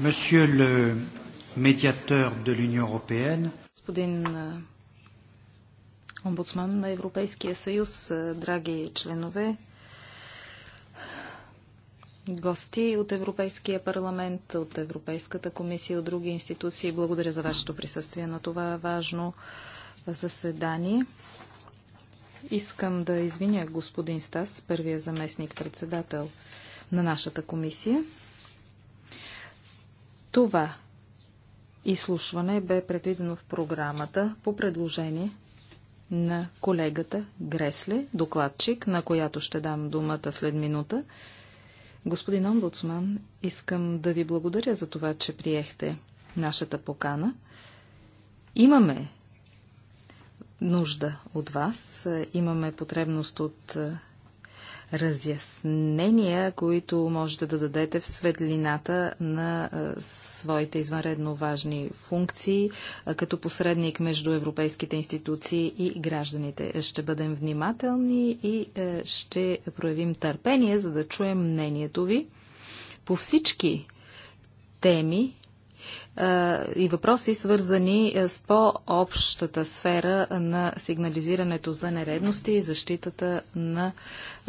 Monsieur le médiateur de l'Union européenne. Господин омбудсман на Европейския съюз, драги членове, гости от Европейския парламент, от Европейската комисия, от други институции. Благодаря за вашето присъствие на това важно заседание. Искам да извиня господин Стас, първия заместник председател на нашата комисия. Това изслушване бе предвидено в програмата по предложение на колегата Гресле, докладчик, на която ще дам думата след минута. Господин омбудсман, искам да ви благодаря за това, че приехте нашата покана. Имаме нужда от вас, имаме потребност от разяснения, които можете да дадете в светлината на своите извънредно важни функции като посредник между европейските институции и гражданите. Ще бъдем внимателни и е, ще проявим търпение, за да чуем мнението ви по всички теми, и въпроси, свързани с по-общата сфера на сигнализирането за нередности и защитата на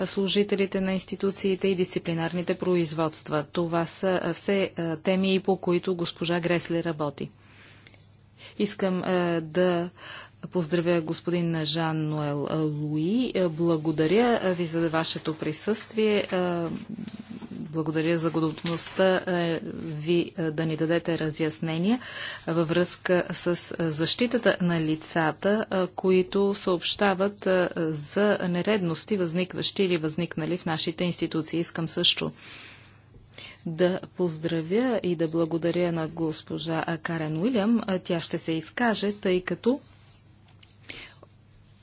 служителите на институциите и дисциплинарните производства. Това са все теми, по които госпожа Гресли работи. Искам да поздравя господин Жан Ноел Луи. Благодаря ви за вашето присъствие. Благодаря за готовността е, ви е, да ни дадете разяснения във връзка с е, защитата на лицата, които съобщават за нередности, възникващи или възникнали в нашите институции. Искам също да поздравя и да благодаря на госпожа Карен Уилям. Тя ще се изкаже, тъй като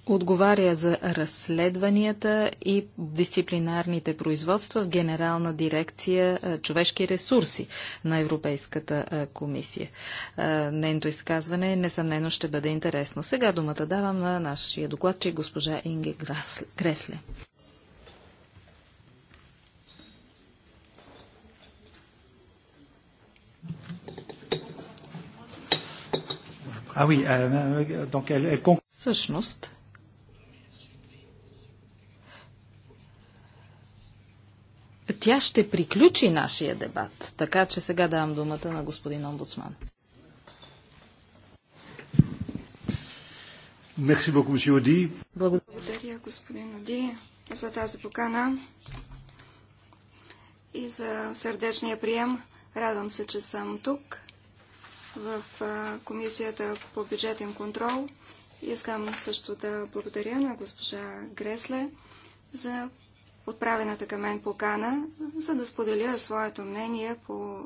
Отговаря за разследванията и дисциплинарните производства в Генерална дирекция човешки ресурси на Европейската комисия. Нейното изказване несъмнено ще бъде интересно. Сега думата давам на нашия докладчик госпожа Инге Кресле. Ah euh, euh, Всъщност, Тя ще приключи нашия дебат, така че сега давам думата на господин омбудсман. Благодаря, господин Оди, за тази покана и за сърдечния прием. Радвам се, че съм тук в Комисията по бюджетен контрол. Искам също да благодаря на госпожа Гресле за отправената към мен покана, за да споделя своето мнение по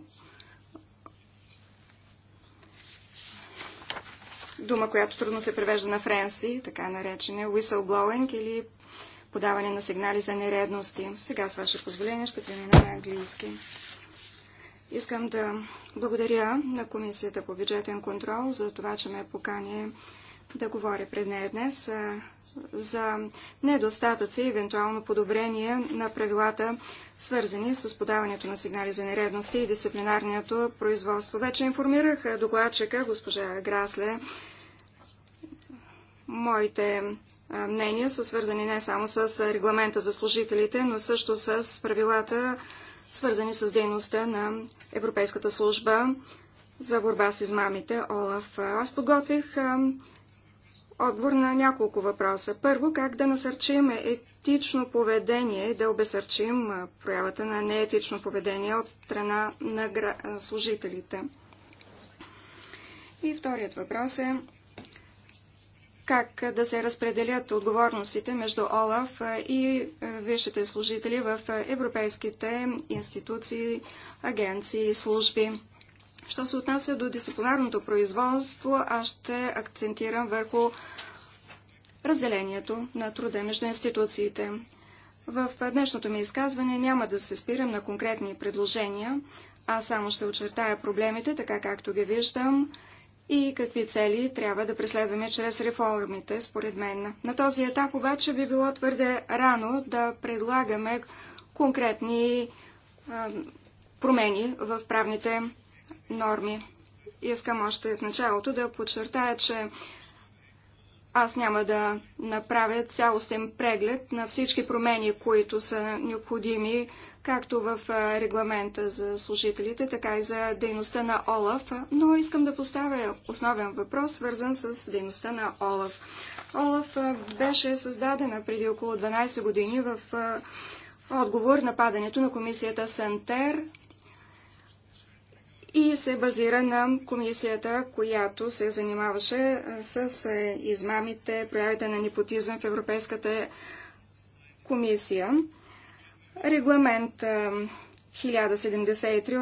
дума, която трудно се превежда на френси, така наречене whistleblowing или подаване на сигнали за нередности. Сега, с ваше позволение, ще премина на английски. Искам да благодаря на Комисията по бюджетен контрол за това, че ме покани да говоря пред нея днес за недостатъци и евентуално подобрение на правилата, свързани с подаването на сигнали за нередности и дисциплинарното производство. Вече информирах докладчика, госпожа Грасле, моите мнения са свързани не само с регламента за служителите, но също с правилата, свързани с дейността на Европейската служба за борба с измамите ОЛАФ. Аз подготвих отговор на няколко въпроса. Първо, как да насърчим етично поведение и да обесърчим проявата на неетично поведение от страна на служителите. И вторият въпрос е как да се разпределят отговорностите между ОЛАФ и висшите служители в европейските институции, агенции и служби. Що се отнася до дисциплинарното производство, аз ще акцентирам върху разделението на труда между институциите. В днешното ми изказване няма да се спирам на конкретни предложения, а само ще очертая проблемите, така както ги виждам, и какви цели трябва да преследваме чрез реформите, според мен. На този етап обаче би било твърде рано да предлагаме конкретни промени в правните норми. Искам още в началото да подчертая, че аз няма да направя цялостен преглед на всички промени, които са необходими, както в регламента за служителите, така и за дейността на ОЛАФ, но искам да поставя основен въпрос, свързан с дейността на ОЛАФ. ОЛАФ беше създадена преди около 12 години в отговор на падането на комисията Сантер и се базира на комисията, която се занимаваше с измамите, проявите на непотизъм в Европейската комисия. Регламент 1073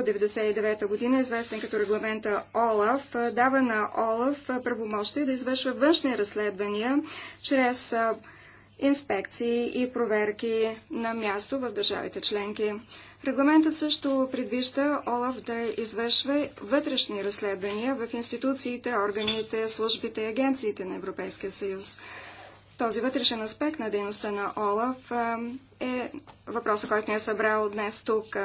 от 1999 година, известен като регламента ОЛАФ, дава на ОЛАФ правомощие да извършва външни разследвания чрез инспекции и проверки на място в държавите членки. Регламентът също предвижда ОЛАФ да извършва вътрешни разследвания в институциите, органите, службите и агенциите на Европейския съюз. Този вътрешен аспект на дейността на ОЛАФ е въпросът, който ни е събрал днес тук.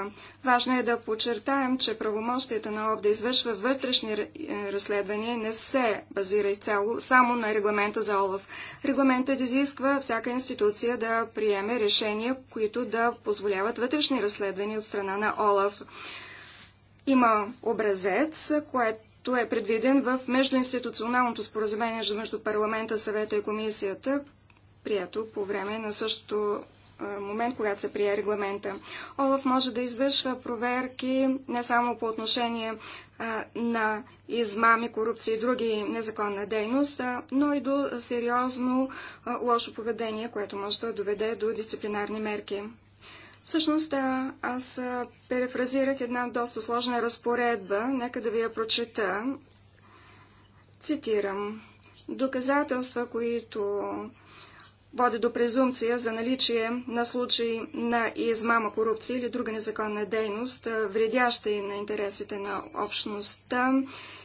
Важно е да подчертаем, че правомощията на ОВ да извършва вътрешни е, разследвания не се базира изцяло само на регламента за ОЛАФ. Регламентът изисква всяка институция да приеме решения, които да позволяват вътрешни разследвания от страна на ОЛАФ. Има образец, което той е предвиден в междуинституционалното споразумение между парламента, съвета и комисията, прието по време на същото момент, когато се прие регламента. Олаф може да извършва проверки не само по отношение на измами, корупция и други незаконна дейност, но и до сериозно лошо поведение, което може да доведе до дисциплинарни мерки. Всъщност, да, аз перефразирах една доста сложна разпоредба. Нека да ви я прочета. Цитирам. Доказателства, които води до презумпция за наличие на случаи на измама, корупция или друга незаконна дейност, вредяща и на интересите на общността,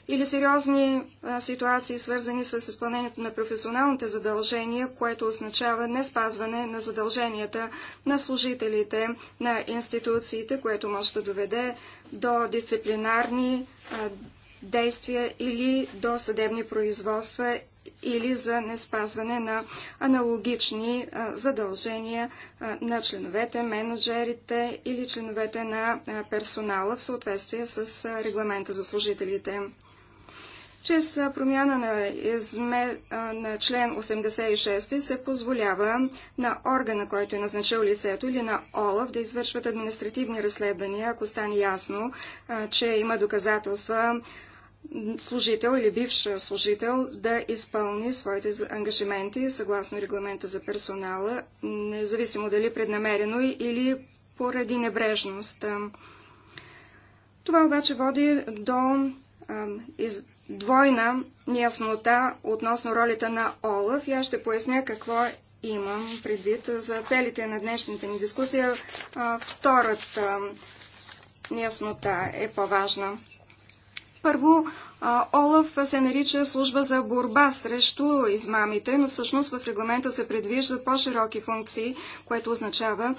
или сериозни а, ситуации, свързани с изпълнението на професионалните задължения, което означава не спазване на задълженията на служителите на институциите, което може да доведе до дисциплинарни а, действия или до съдебни производства или за неспазване на аналогични а, задължения а, на членовете, менеджерите или членовете на а, персонала в съответствие с регламента за служителите. Чрез промяна на, изме, на член 86 се позволява на органа, който е назначил лицето или на ОЛАВ да извършват административни разследвания, ако стане ясно, че има доказателства служител или бивш служител да изпълни своите ангажименти съгласно регламента за персонала, независимо дали преднамерено или поради небрежност. Това обаче води до двойна яснота относно ролята на Олаф и аз ще поясня какво имам предвид за целите на днешната ни дискусия. Втората неяснота е по-важна. Първо, Олаф се нарича служба за борба срещу измамите, но всъщност в регламента се предвиждат по-широки функции, което означава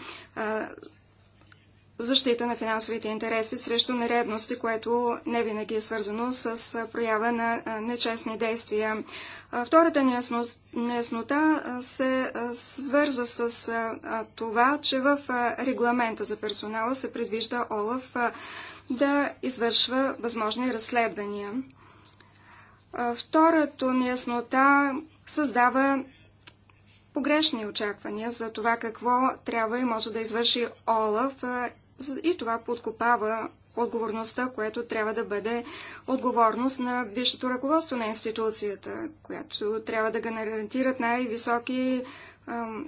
защита на финансовите интереси срещу нередности, което не винаги е свързано с проява на нечестни действия. Втората неяснота се свързва с това, че в регламента за персонала се предвижда ОЛАФ да извършва възможни разследвания. Втората неяснота създава погрешни очаквания за това какво трябва и може да извърши Олаф и това подкопава отговорността, което трябва да бъде отговорност на висшето ръководство на институцията, която трябва да гарантират най-високи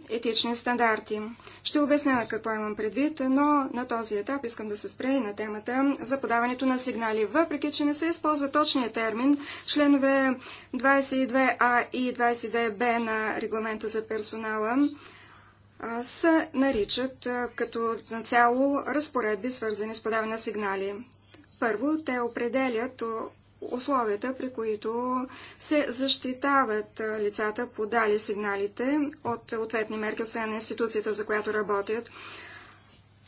етични стандарти. Ще обясня на какво имам предвид, но на този етап искам да се спре и на темата за подаването на сигнали. Въпреки, че не се използва точния термин, членове 22А и 22Б на регламента за персонала се наричат като на цяло разпоредби, свързани с подаване на сигнали. Първо, те определят условията, при които се защитават лицата, подали сигналите от ответни мерки от на институцията, за която работят.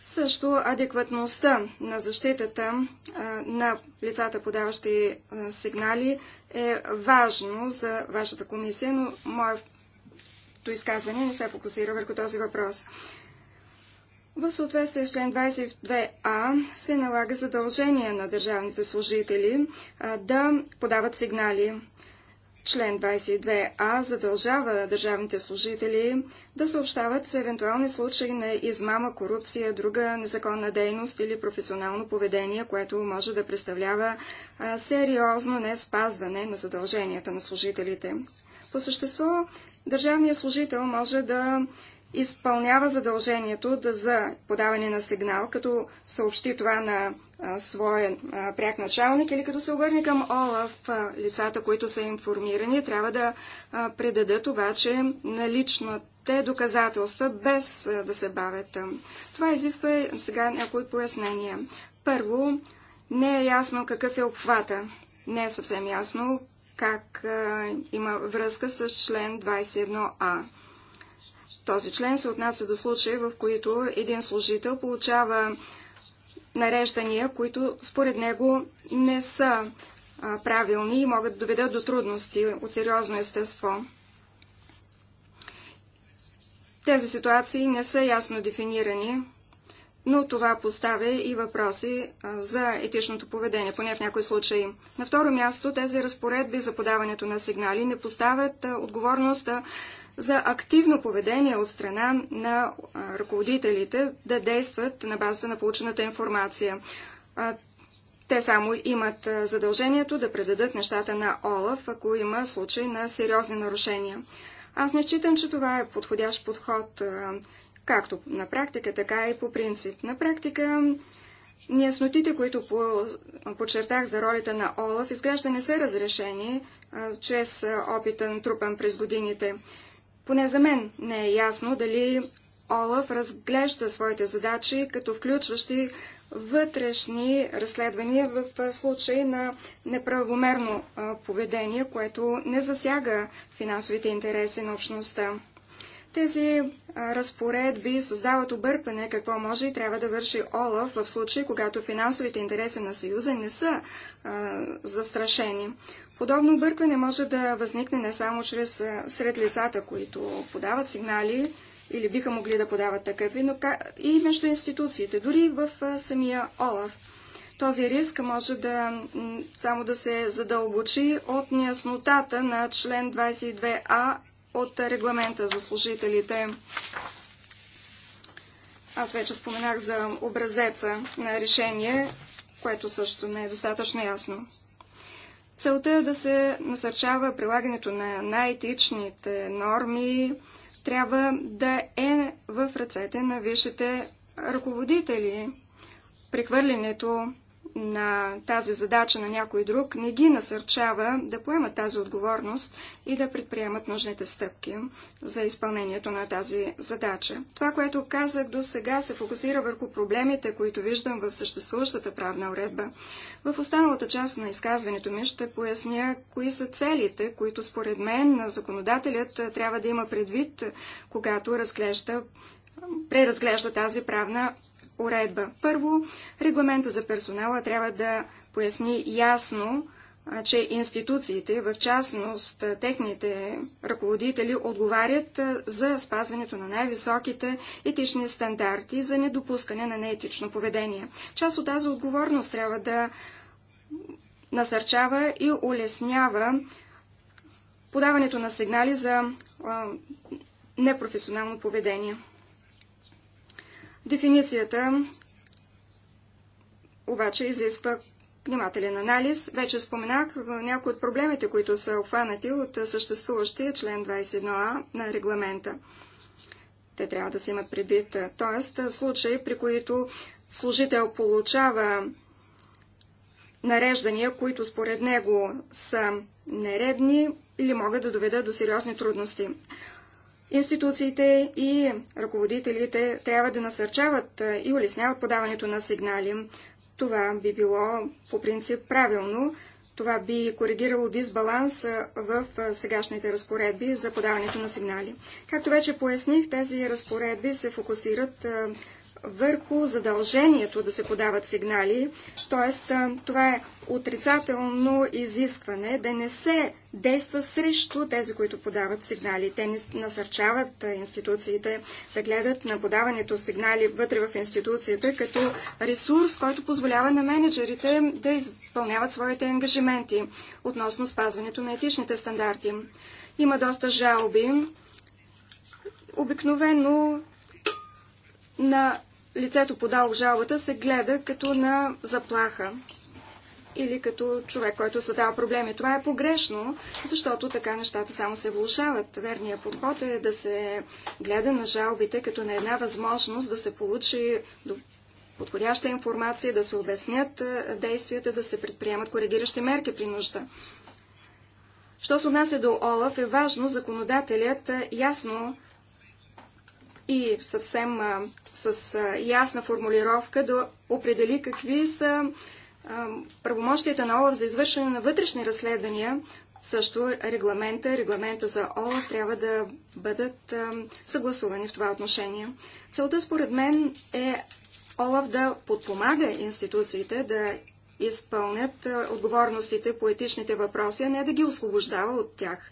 Също адекватността на защитата на лицата, подаващи сигнали, е важно за вашата комисия, но моят моето изказване не се фокусира върху този въпрос. В съответствие с член 22а се налага задължение на държавните служители да подават сигнали. Член 22а задължава държавните служители да съобщават за евентуални случаи на измама, корупция, друга незаконна дейност или професионално поведение, което може да представлява сериозно не спазване на задълженията на служителите. По същество, Държавният служител може да изпълнява задължението да за подаване на сигнал, като съобщи това на своя пряк началник или като се обърне към ОЛАФ. лицата, които са информирани, трябва да предадат обаче наличните доказателства, без да се бавят. Това изисква сега някои пояснения. Първо, не е ясно какъв е обхвата. Не е съвсем ясно как а, има връзка с член 21а. Този член се отнася до случаи, в които един служител получава нареждания, които според него не са а, правилни и могат да доведат до трудности от сериозно естество. Тези ситуации не са ясно дефинирани но това поставя и въпроси за етичното поведение, поне в някои случаи. На второ място, тези разпоредби за подаването на сигнали не поставят отговорността за активно поведение от страна на ръководителите да действат на базата на получената информация. Те само имат задължението да предадат нещата на ОЛАФ, ако има случай на сериозни нарушения. Аз не считам, че това е подходящ подход както на практика, така и по принцип. На практика неяснотите, които по, подчертах за ролята на Олаф, изглежда не са разрешени а, чрез опита на трупан през годините. Поне за мен не е ясно дали Олаф разглежда своите задачи като включващи вътрешни разследвания в случай на неправомерно поведение, което не засяга финансовите интереси на общността. Тези разпоредби създават объркване какво може и трябва да върши ОЛАФ в случай, когато финансовите интереси на Съюза не са а, застрашени. Подобно объркване може да възникне не само чрез, а, сред лицата, които подават сигнали или биха могли да подават такъви, но и между институциите, дори в а, самия ОЛАФ. Този риск може да само да се задълбочи от неяснотата на член 22а от регламента за служителите. Аз вече споменах за образеца на решение, което също не е достатъчно ясно. Целта е да се насърчава прилагането на най-етичните норми, трябва да е в ръцете на висшите ръководители. Прехвърлянето на тази задача на някой друг, не ги насърчава да поемат тази отговорност и да предприемат нужните стъпки за изпълнението на тази задача. Това, което казах до сега, се фокусира върху проблемите, които виждам в съществуващата правна уредба. В останалата част на изказването ми ще поясня кои са целите, които според мен законодателят трябва да има предвид, когато разглежда преразглежда тази правна уредба. Първо, регламента за персонала трябва да поясни ясно, че институциите, в частност техните ръководители, отговарят за спазването на най-високите етични стандарти за недопускане на неетично поведение. Част от тази отговорност трябва да насърчава и улеснява подаването на сигнали за непрофесионално поведение. Дефиницията обаче изисква внимателен анализ. Вече споменах някои от проблемите, които са обхванати от съществуващия член 21а на регламента. Те трябва да се имат предвид. Тоест, случаи, при които служител получава нареждания, които според него са нередни или могат да доведат до сериозни трудности. Институциите и ръководителите трябва да насърчават и улесняват подаването на сигнали. Това би било по принцип правилно. Това би коригирало дисбаланс в сегашните разпоредби за подаването на сигнали. Както вече поясних, тези разпоредби се фокусират върху задължението да се подават сигнали, т.е. това е отрицателно изискване да не се действа срещу тези, които подават сигнали. Те насърчават институциите да гледат на подаването сигнали вътре в институцията като ресурс, който позволява на менеджерите да изпълняват своите ангажименти относно спазването на етичните стандарти. Има доста жалби. Обикновено на лицето подало жалбата се гледа като на заплаха или като човек, който създава проблеми. Това е погрешно, защото така нещата само се влушават. Верният подход е да се гледа на жалбите като на една възможност да се получи подходяща информация, да се обяснят действията, да се предприемат коригиращи мерки при нужда. Що се отнася до Олаф, е важно законодателят ясно и съвсем с ясна формулировка да определи какви са правомощията на ОЛАФ за извършване на вътрешни разследвания, също регламента, регламента за ОЛАФ трябва да бъдат съгласувани в това отношение. Целта според мен е ОЛАФ да подпомага институциите да изпълнят отговорностите по етичните въпроси, а не да ги освобождава от тях.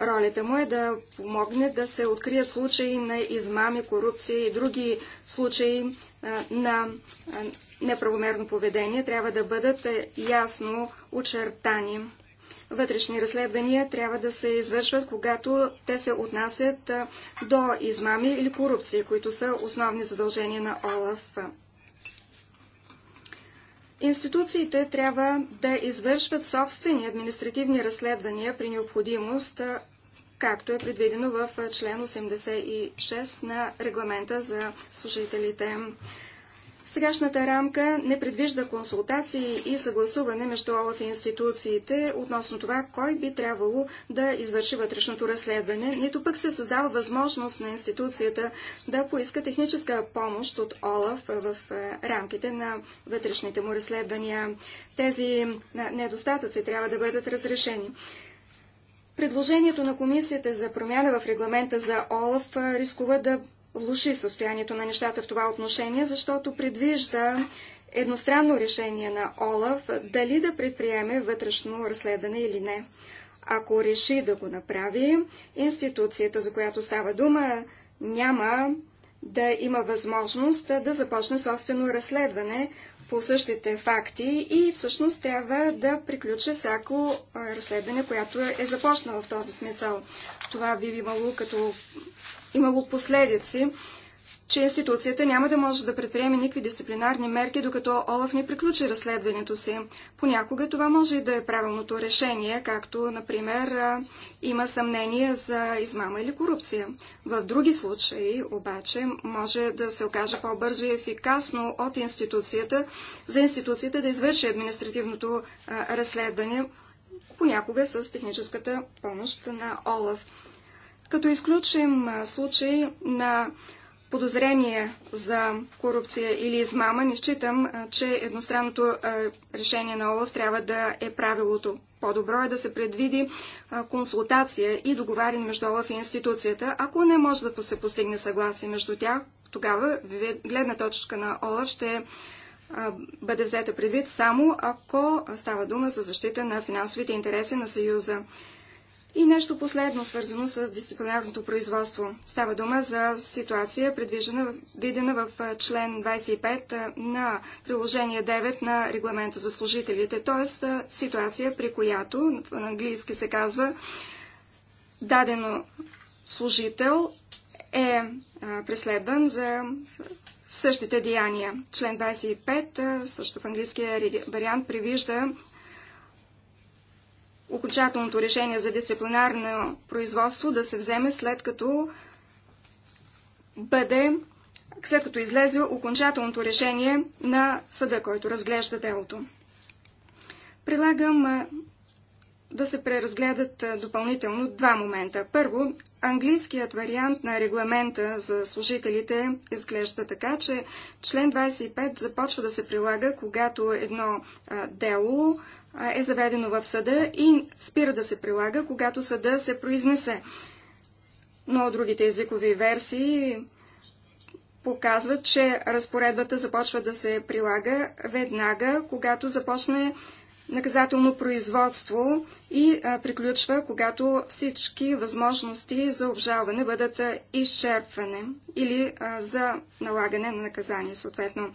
Ролята му е да помогне да се открият случаи на измами, корупция и други случаи на неправомерно поведение трябва да бъдат е, ясно очертани. Вътрешни разследвания трябва да се извършват, когато те се отнасят до измами или корупция, които са основни задължения на ОЛАФ. Институциите трябва да извършват собствени административни разследвания при необходимост, както е предвидено в член 86 на регламента за служителите. Сегашната рамка не предвижда консултации и съгласуване между ОЛАФ и институциите относно това, кой би трябвало да извърши вътрешното разследване, нито пък се създава възможност на институцията да поиска техническа помощ от ОЛАФ в е, рамките на вътрешните му разследвания. Тези недостатъци трябва да бъдат разрешени. Предложението на комисията за промяна в регламента за ОЛАФ е, рискува да влуши състоянието на нещата в това отношение, защото предвижда едностранно решение на Олаф дали да предприеме вътрешно разследване или не. Ако реши да го направи, институцията, за която става дума, няма да има възможност да започне собствено разследване по същите факти и всъщност трябва да приключи всяко разследване, което е започнало в този смисъл. Това би имало като имало последици, че институцията няма да може да предприеме никакви дисциплинарни мерки, докато Олаф не приключи разследването си. Понякога това може и да е правилното решение, както, например, има съмнение за измама или корупция. В други случаи, обаче, може да се окаже по-бързо и ефикасно от институцията, за институцията да извърши административното разследване, понякога с техническата помощ на Олаф като изключим случай на подозрение за корупция или измама, не считам, че едностранното решение на ОЛАФ трябва да е правилото. По-добро е да се предвиди консултация и договарен между ОЛАФ и институцията. Ако не може да се постигне съгласие между тях, тогава гледна точка на ОЛАФ ще бъде взета предвид само ако става дума за защита на финансовите интереси на Съюза. И нещо последно, свързано с дисциплинарното производство. Става дума за ситуация, предвижена, видена в член 25 на приложение 9 на регламента за служителите, т.е. ситуация, при която в английски се казва дадено служител е преследван за същите деяния. Член 25, също в английския вариант, привижда окончателното решение за дисциплинарно производство да се вземе след като бъде след като излезе окончателното решение на съда, който разглежда делото. Предлагам да се преразгледат допълнително два момента. Първо, английският вариант на регламента за служителите изглежда така, че член 25 започва да се прилага, когато едно дело е заведено в съда и спира да се прилага, когато съда се произнесе. Но другите езикови версии показват, че разпоредбата започва да се прилага веднага, когато започне наказателно производство и приключва, когато всички възможности за обжалване бъдат изчерпване или за налагане на наказание, съответно.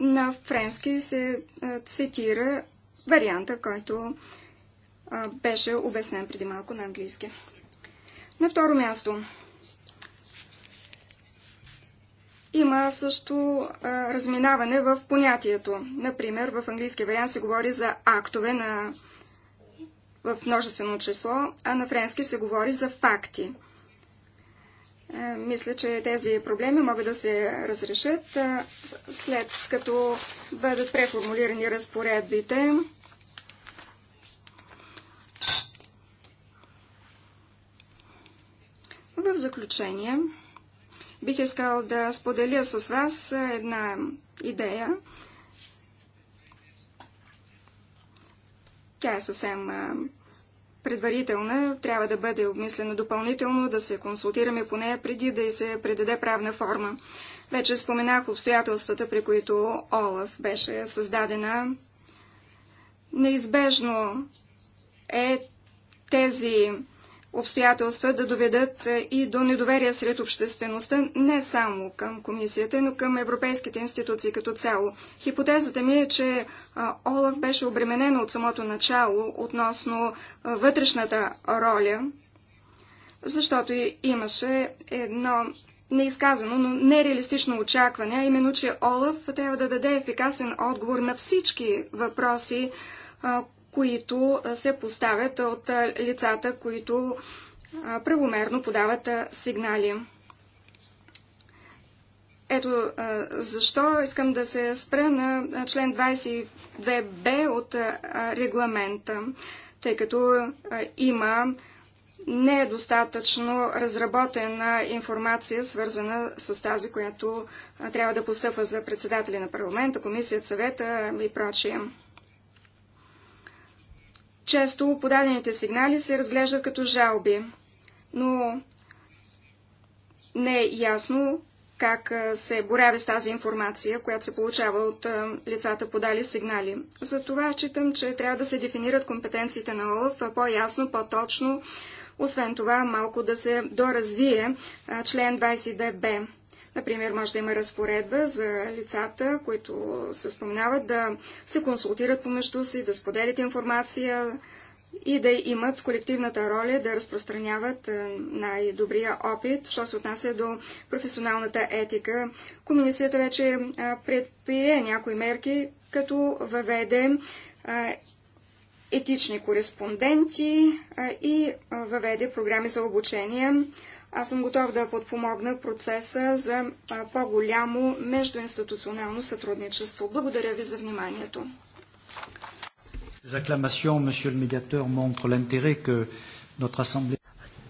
на френски се цитира варианта, който беше обяснен преди малко на английски. На второ място има също разминаване в понятието. Например, в английски вариант се говори за актове на, в множествено число, а на френски се говори за факти. Е, мисля, че тези проблеми могат да се разрешат е, след като бъдат преформулирани разпоредбите. В заключение, бих искал да споделя с вас една идея. Тя е съвсем е, предварителна, трябва да бъде обмислена допълнително, да се консултираме по нея преди да й се предаде правна форма. Вече споменах обстоятелствата, при които Олаф беше създадена. Неизбежно е тези обстоятелства да доведат е, и до недоверие сред обществеността не само към комисията, но към европейските институции като цяло. Хипотезата ми е, че е, Олаф беше обременена от самото начало относно е, вътрешната роля, защото имаше едно неизказано, но нереалистично очакване, а именно, че Олаф трябва да даде ефикасен отговор на всички въпроси, които се поставят от лицата, които правомерно подават сигнали. Ето защо искам да се спра на член 22б от регламента, тъй като има недостатъчно разработена информация, свързана с тази, която трябва да постъпва за председателя на парламента, комисията, съвета и прочие. Често подадените сигнали се разглеждат като жалби, но не е ясно как се боряве с тази информация, която се получава от лицата подали сигнали. Затова считам, че трябва да се дефинират компетенциите на ОЛАФ по-ясно, по-точно, освен това малко да се доразвие член 22б. Например, може да има разпоредба за лицата, които се спомняват да се консултират помежду си, да споделят информация и да имат колективната роля да разпространяват е, най-добрия опит, що се отнася до професионалната етика. Комисията вече е, предприе някои мерки, като въведе е, етични кореспонденти и въведе програми за обучение. Аз съм готов да подпомогна процеса за по-голямо междуинституционално сътрудничество. Благодаря ви за вниманието.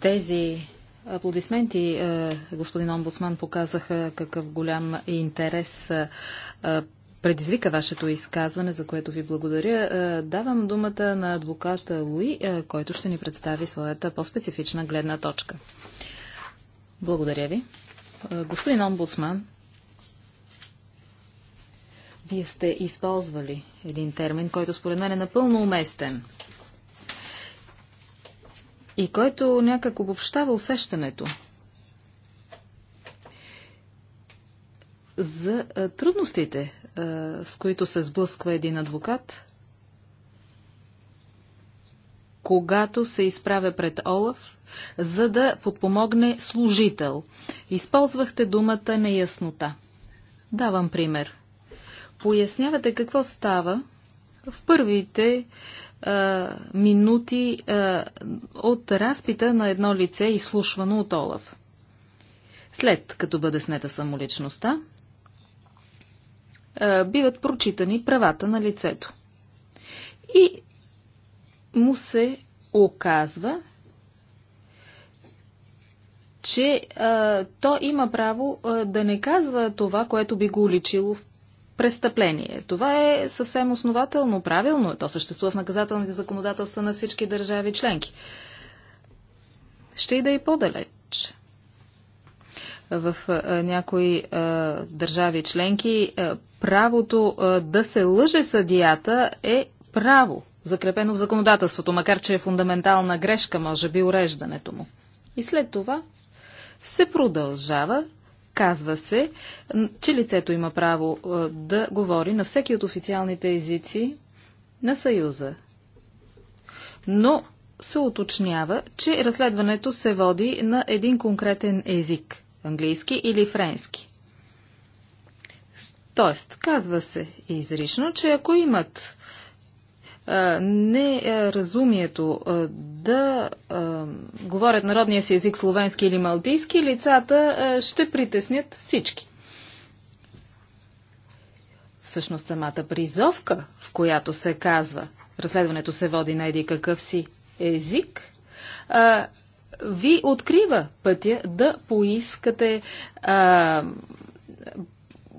Тези аплодисменти, е, господин омбудсман, показаха какъв голям интерес е, е, предизвика вашето изказване, за което ви благодаря. Давам думата на адвоката Луи, който ще ни представи своята по-специфична гледна точка. Благодаря ви. Господин омбудсман, вие сте използвали един термин, който според мен е напълно уместен и който някак обобщава усещането за трудностите, с които се сблъсква един адвокат когато се изправя пред Олаф, за да подпомогне служител. Използвахте думата неяснота. Давам пример. Пояснявате какво става в първите а, минути а, от разпита на едно лице, изслушвано от Олаф. След като бъде снета самоличността, а, биват прочитани правата на лицето. И му се оказва, че а, то има право а, да не казва това, което би го уличило в престъпление. Това е съвсем основателно, правилно. То съществува в наказателните законодателства на всички държави членки. Ще и да и е по-далеч. В а, някои а, държави членки а, правото а, да се лъже съдията е право закрепено в законодателството, макар че е фундаментална грешка, може би, уреждането му. И след това се продължава, казва се, че лицето има право е, да говори на всеки от официалните езици на Съюза. Но се уточнява, че разследването се води на един конкретен език английски или френски. Тоест, казва се изрично, че ако имат неразумието е, да говорят народния си език словенски или малтийски, лицата ще притеснят всички. Всъщност самата призовка, в която се казва разследването се води на един какъв си език, ви открива пътя да поискате а,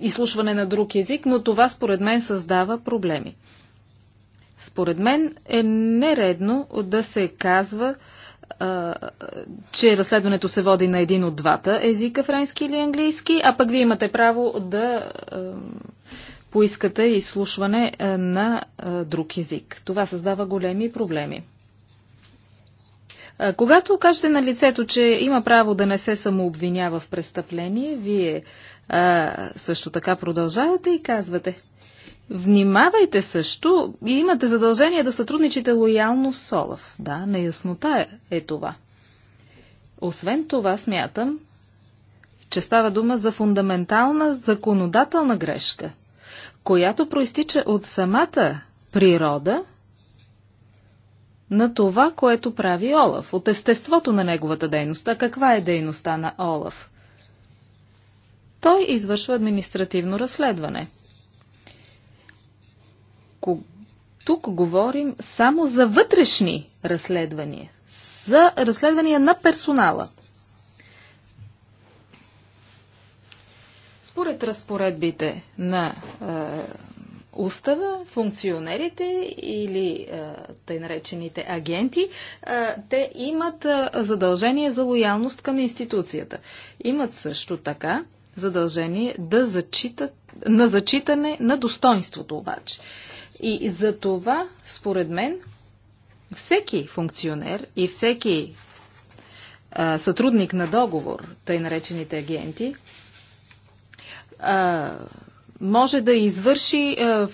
изслушване на друг език, но това според мен създава проблеми. Според мен е нередно да се казва, а, че разследването се води на един от двата езика, френски или английски, а пък вие имате право да а, поискате изслушване на а, друг език. Това създава големи проблеми. Когато кажете на лицето, че има право да не се самообвинява в престъпление, вие а, също така продължавате и казвате – Внимавайте също и имате задължение да сътрудничите лоялно с Олаф. Да, неяснота е, е това. Освен това, смятам, че става дума за фундаментална законодателна грешка, която проистича от самата природа на това, което прави Олаф, от естеството на неговата дейност. А каква е дейността на Олаф? Той извършва административно разследване – тук говорим само за вътрешни разследвания, за разследвания на персонала. Според разпоредбите на е, устава, функционерите или е, тъй наречените агенти, е, те имат е, задължение за лоялност към институцията. Имат също така задължение да зачитат, на зачитане на достоинството обаче. Е, и за това, според мен, всеки функционер и всеки а, сътрудник на договор, тъй наречените агенти, а, може да извърши а,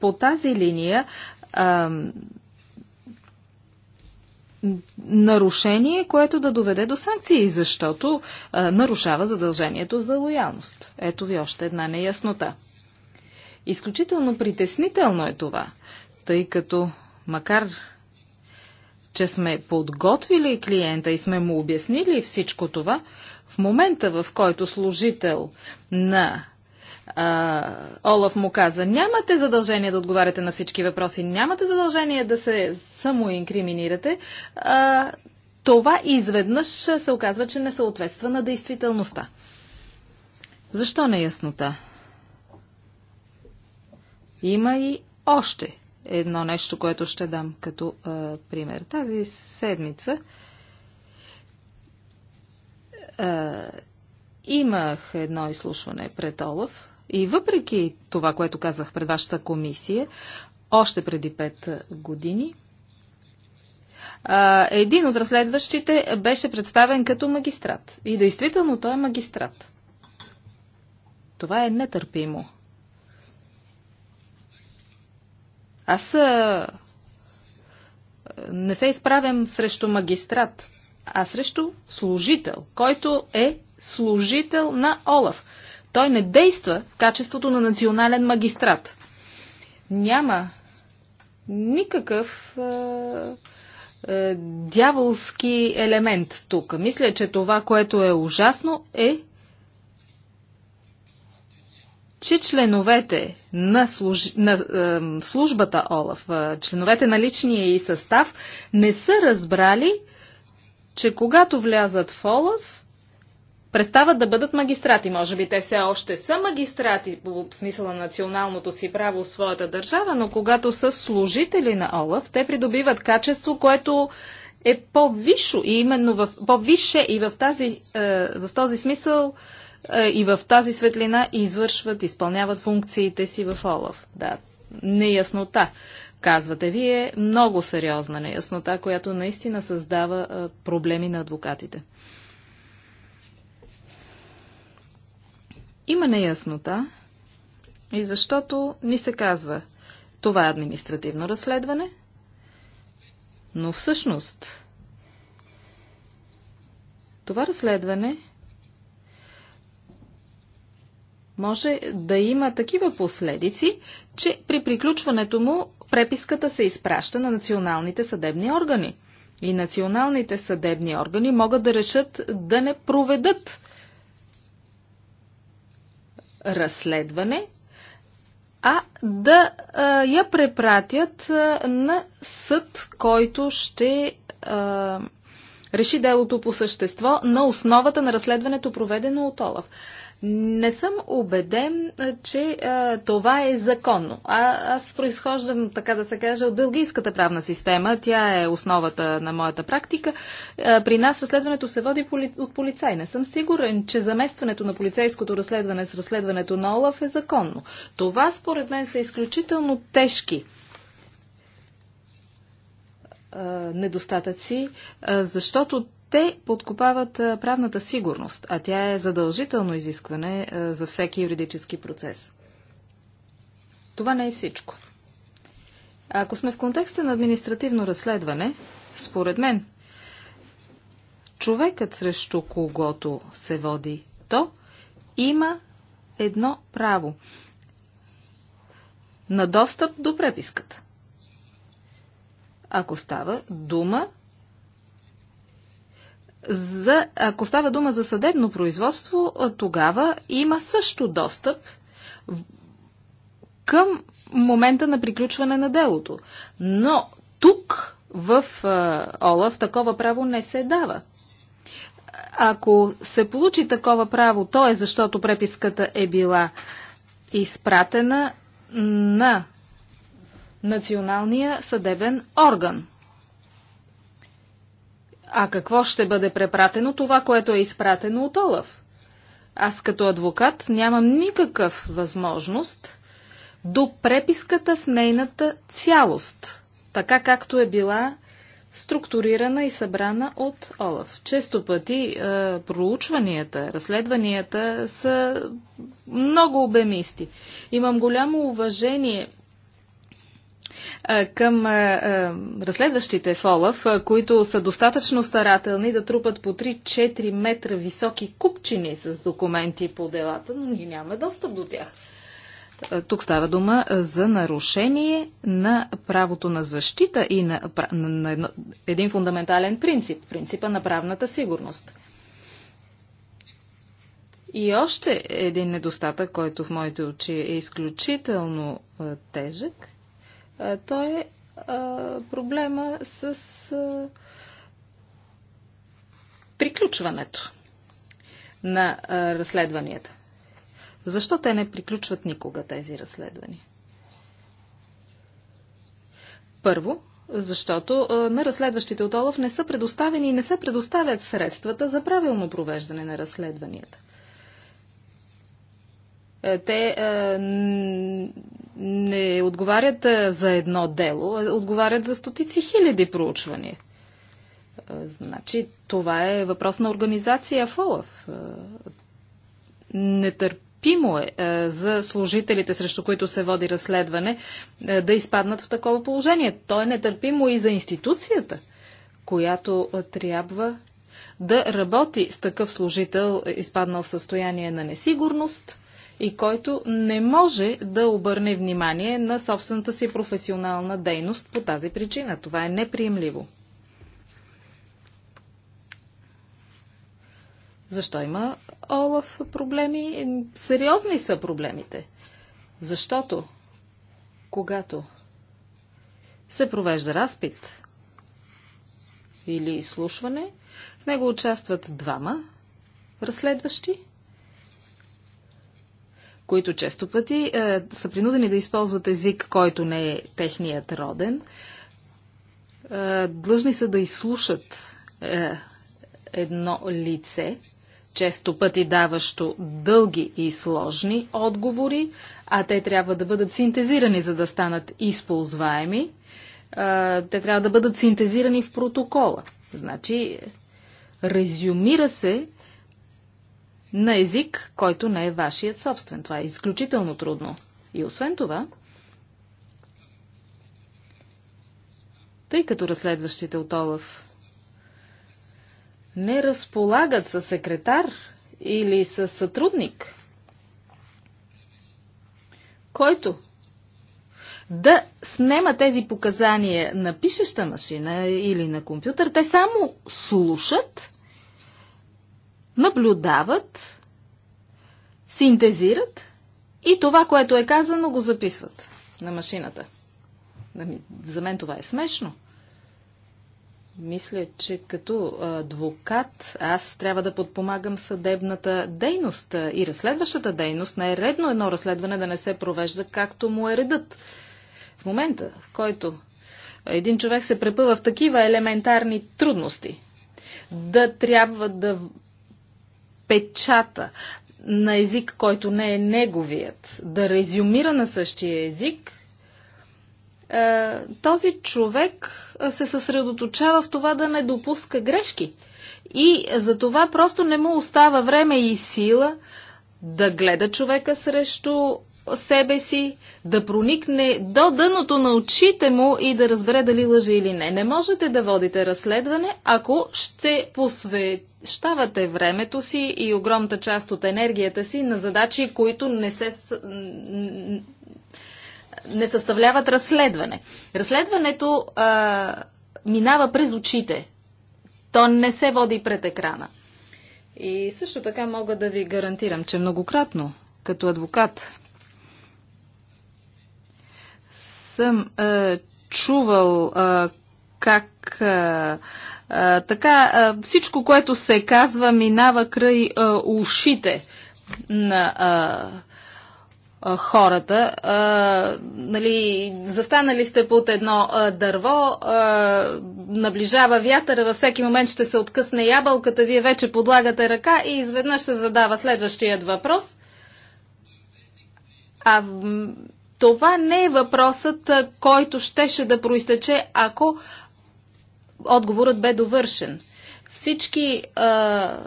по тази линия а, нарушение, което да доведе до санкции, защото а, нарушава задължението за лоялност. Ето ви още една неяснота. Изключително притеснително е това, тъй като макар че сме подготвили клиента и сме му обяснили всичко това, в момента в който служител на а, Олаф му каза, нямате задължение да отговаряте на всички въпроси, нямате задължение да се самоинкриминирате, а, това изведнъж се оказва, че не съответства на действителността. Защо неяснота? Има и още едно нещо, което ще дам като а, пример. Тази седмица а, имах едно изслушване пред Олаф и въпреки това, което казах пред вашата комисия, още преди пет години, а, един от разследващите беше представен като магистрат. И действително той е магистрат. Това е нетърпимо. Аз а, не се изправям срещу магистрат, а срещу служител, който е служител на Олаф. Той не действа в качеството на национален магистрат. Няма никакъв а... А... дяволски елемент тук. Мисля, че това, което е ужасно, е че членовете на, служ... на е, службата ОЛАФ, е, членовете на личния и състав, не са разбрали, че когато влязат в ОЛАФ, престават да бъдат магистрати. Може би те все още са магистрати по смисъла на националното си право в своята държава, но когато са служители на ОЛАФ, те придобиват качество, което е по-висше и именно в, по-више и в, тази, е, в този смисъл е, и в тази светлина извършват, изпълняват функциите си в ОЛАФ. Да, неяснота, казвате вие, много сериозна неяснота, която наистина създава е, проблеми на адвокатите. Има неяснота и защото ни се казва, това е административно разследване, но всъщност това разследване – може да има такива последици, че при приключването му преписката се изпраща на националните съдебни органи. И националните съдебни органи могат да решат да не проведат разследване, а да а, я препратят а, на съд, който ще а, реши делото по същество на основата на разследването, проведено от Олаф. Не съм убеден, че а, това е законно. А, аз произхождам, така да се каже, от бългийската правна система. Тя е основата на моята практика. А, при нас разследването се води поли, от полицай. Не съм сигурен, че заместването на полицейското разследване с разследването на ОЛАФ е законно. Това, според мен, са изключително тежки недостатъци, защото те подкопават правната сигурност, а тя е задължително изискване за всеки юридически процес. Това не е всичко. Ако сме в контекста на административно разследване, според мен, човекът срещу когото се води то, има едно право на достъп до преписката. Ако става дума за, ако става дума за съдебно производство, тогава има също достъп към момента на приключване на делото. Но тук в Олаф такова право не се дава. Ако се получи такова право, то е защото преписката е била изпратена на националния съдебен орган. А какво ще бъде препратено? Това, което е изпратено от Олаф. Аз като адвокат нямам никакъв възможност до преписката в нейната цялост, така както е била структурирана и събрана от Олаф. Често пъти е, проучванията, разследванията са много обемисти. Имам голямо уважение към разследващите в Олаф, които са достатъчно старателни да трупат по 3-4 метра високи купчини с документи по делата, но ние нямаме достъп до тях. Тук става дума за нарушение на правото на защита и на, на, на един фундаментален принцип принципа на правната сигурност. И още един недостатък, който в моите очи е изключително тежък, то е проблема с приключването на разследванията. Защо те не приключват никога тези разследвания? Първо, защото на разследващите от Олаф не са предоставени и не се предоставят средствата за правилно провеждане на разследванията. Е, те е, не отговарят е, за едно дело, а отговарят за стотици хиляди проучвания. Значи, това е въпрос на организация ФОЛАВ. Нетърпимо е за служителите, срещу които се води разследване, да изпаднат в такова положение. То е нетърпимо и за институцията, която трябва да работи с такъв служител, изпаднал в състояние на несигурност, и който не може да обърне внимание на собствената си професионална дейност по тази причина. Това е неприемливо. Защо има Олаф проблеми? Сериозни са проблемите. Защото, когато се провежда разпит или изслушване, в него участват двама разследващи които често пъти е, са принудени да използват език, който не е техният роден. Е, длъжни са да изслушат е, едно лице, често пъти даващо дълги и сложни отговори, а те трябва да бъдат синтезирани, за да станат използваеми. Е, те трябва да бъдат синтезирани в протокола. Значи, резюмира се на език, който не е вашият собствен. Това е изключително трудно. И освен това, тъй като разследващите от Олаф не разполагат със секретар или със сътрудник, който да снема тези показания на пишеща машина или на компютър. Те само слушат наблюдават, синтезират и това, което е казано, го записват на машината. Ами, за мен това е смешно. Мисля, че като адвокат аз трябва да подпомагам съдебната дейност и разследващата дейност. Не е редно едно разследване да не се провежда както му е редът. В момента, в който един човек се препъва в такива елементарни трудности, да трябва да печата на език, който не е неговият, да резюмира на същия език, е, този човек е, се съсредоточава в това да не допуска грешки. И за това просто не му остава време и сила да гледа човека срещу себе си, да проникне до дъното на очите му и да разбере дали лъже или не. Не можете да водите разследване, ако ще посвещавате времето си и огромната част от енергията си на задачи, които не се не съставляват разследване. Разследването а, минава през очите. То не се води пред екрана. И също така мога да ви гарантирам, че многократно като адвокат съм е, чувал е, как е, е, така е, всичко, което се казва, минава край е, ушите на е, е, хората. Е, нали, застанали сте под едно е, дърво, е, наближава вятър, във всеки момент ще се откъсне ябълката, вие вече подлагате ръка и изведнъж се задава следващият въпрос. А това не е въпросът, който щеше да проистече, ако отговорът бе довършен. Всички а,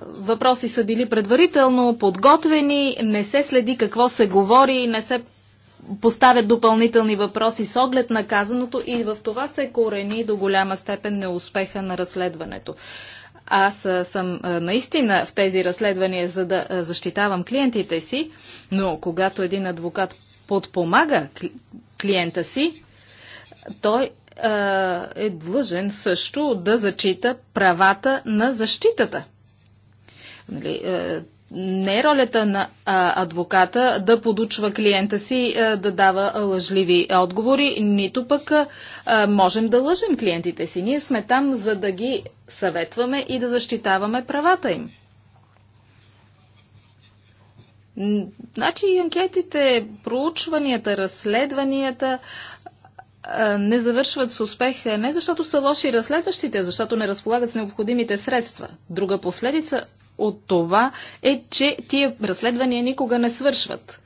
въпроси са били предварително подготвени, не се следи какво се говори, не се поставят допълнителни въпроси с оглед на казаното и в това се корени до голяма степен неуспеха на разследването. Аз съм наистина в тези разследвания, за да защитавам клиентите си, но когато един адвокат подпомага клиента си, той е длъжен също да зачита правата на защитата. Нали, не е ролята на адвоката да подучва клиента си да дава лъжливи отговори, нито пък можем да лъжим клиентите си. Ние сме там, за да ги съветваме и да защитаваме правата им. Значи анкетите, проучванията, разследванията не завършват с успех не защото са лоши разследващите, защото не разполагат с необходимите средства. Друга последица от това е, че тия разследвания никога не свършват.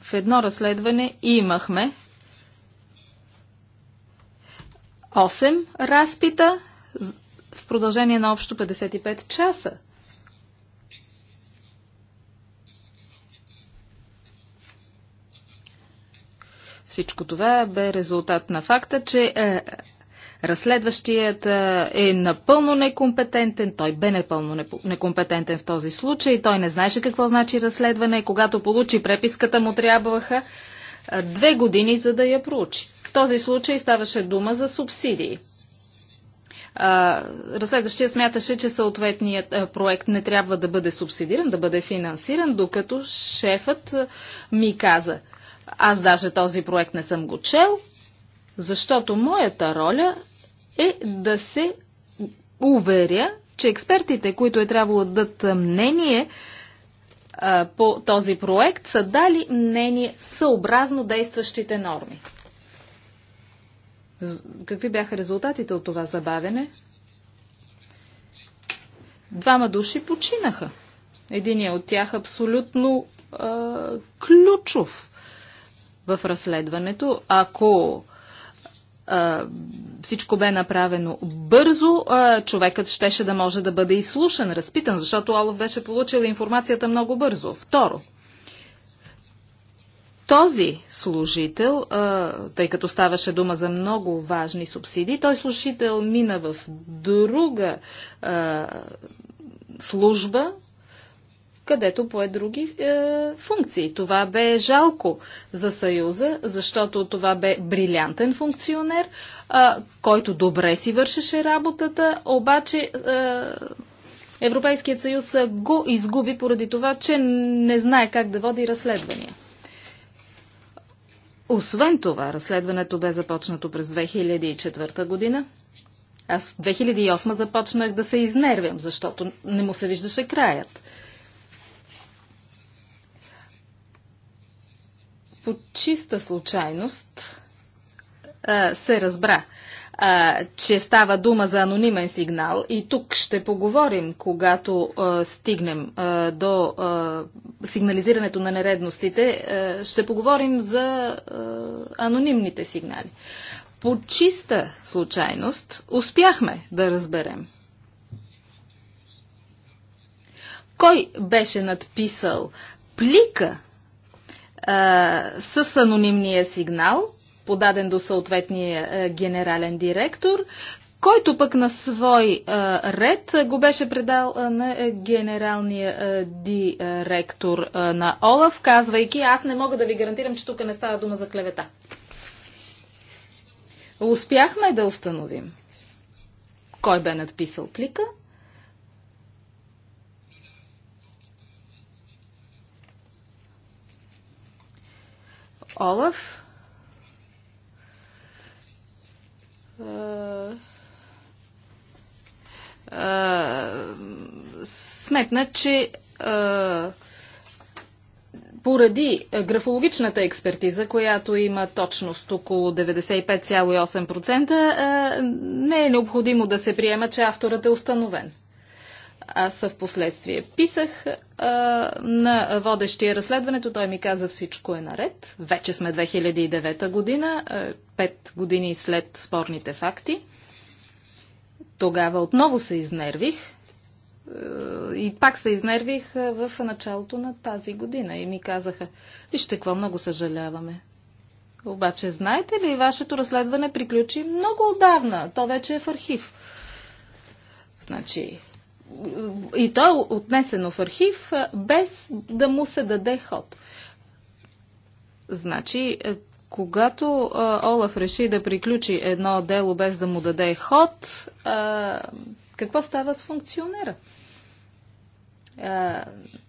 В едно разследване имахме 8 разпита в продължение на общо 55 часа. Всичко това бе резултат на факта, че е, разследващият е, е напълно некомпетентен. Той бе напълно некомпетентен в този случай. Той не знаеше какво значи разследване. Когато получи преписката, му трябваха е, две години, за да я проучи. В този случай ставаше дума за субсидии. Е, Разследващия смяташе, че съответният проект не трябва да бъде субсидиран, да бъде финансиран, докато шефът ми каза – аз даже този проект не съм го чел, защото моята роля е да се уверя, че експертите, които е трябвало да дадат мнение а, по този проект, са дали мнение съобразно действащите норми. Какви бяха резултатите от това забавене? Двама души починаха. Единият от тях абсолютно а, ключов в разследването. Ако а, всичко бе направено бързо, а, човекът щеше да може да бъде изслушан, разпитан, защото Олов беше получил информацията много бързо. Второ, този служител, тъй като ставаше дума за много важни субсидии, той служител мина в друга служба, където пое други е, функции. Това бе жалко за Съюза, защото това бе брилянтен функционер, е, който добре си вършеше работата, обаче е, Европейският съюз го изгуби поради това, че не знае как да води разследвания. Освен това, разследването бе започнато през 2004 година. Аз в 2008 започнах да се изнервям, защото не му се виждаше краят. по чиста случайност а, се разбра, а, че става дума за анонимен сигнал и тук ще поговорим, когато а, стигнем а, до а, сигнализирането на нередностите, а, ще поговорим за а, анонимните сигнали. По чиста случайност успяхме да разберем. Кой беше надписал плика с анонимния сигнал, подаден до съответния генерален директор, който пък на свой а, ред го беше предал а, на генералния а, директор а, на Олаф, казвайки, аз не мога да ви гарантирам, че тук не става дума за клевета. Успяхме да установим кой бе надписал плика Олаф. сметна, че поради графологичната експертиза, която има точност около 95,8%, не е необходимо да се приема, че авторът е установен аз в последствие писах а, на водещия разследването. Той ми каза всичко е наред. Вече сме 2009 година, пет години след спорните факти. Тогава отново се изнервих и пак се изнервих в началото на тази година и ми казаха, вижте какво много съжаляваме. Обаче, знаете ли, вашето разследване приключи много отдавна. То вече е в архив. Значи, и то е отнесено в архив, без да му се даде ход. Значи, е, когато а, Олаф реши да приключи едно дело без да му даде ход, а, какво става с функционера? А,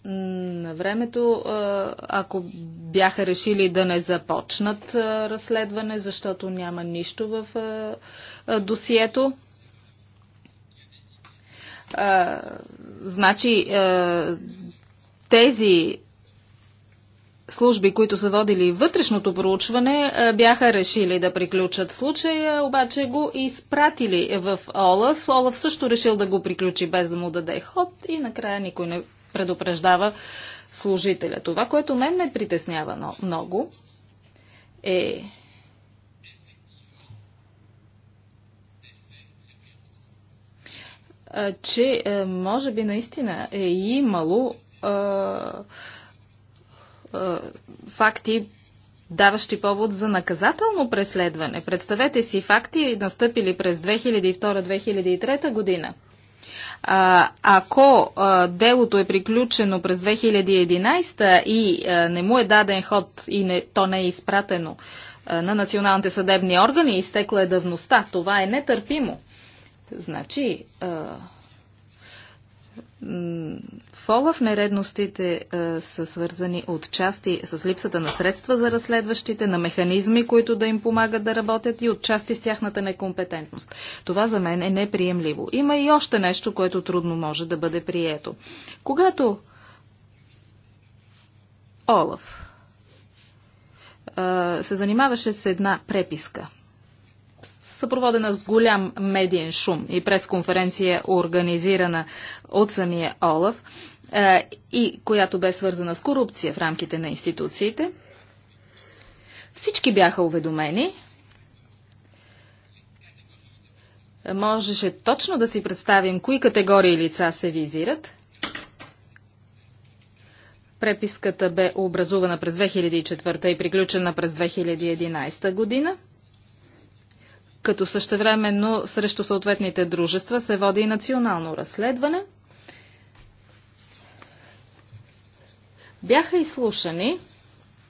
на времето, ако бяха решили да не започнат разследване, защото няма нищо в досието, а, значи, а, тези служби, които са водили вътрешното проучване, бяха решили да приключат случая, обаче го изпратили в Олаф. Олаф също решил да го приключи без да му даде ход и накрая никой не предупреждава служителя. Това, което мен ме притеснява много, е че е, може би наистина е имало факти, даващи повод за наказателно преследване. Представете си факти, настъпили през 2002-2003 година. А, ако а, делото е приключено през 2011 и а, не му е даден ход и не, то не е изпратено а, на националните съдебни органи, изтекла е давността. Това е нетърпимо. Значи, в нередностите а, са свързани от части с липсата на средства за разследващите, на механизми, които да им помагат да работят и от части с тяхната некомпетентност. Това за мен е неприемливо. Има и още нещо, което трудно може да бъде прието. Когато Олаф се занимаваше с една преписка – съпроводена с голям медиен шум и пресконференция, организирана от самия Олаф е, и която бе свързана с корупция в рамките на институциите. Всички бяха уведомени. Можеше точно да си представим кои категории лица се визират – Преписката бе образувана през 2004 и приключена през 2011 година като същевременно срещу съответните дружества се води и национално разследване. Бяха изслушани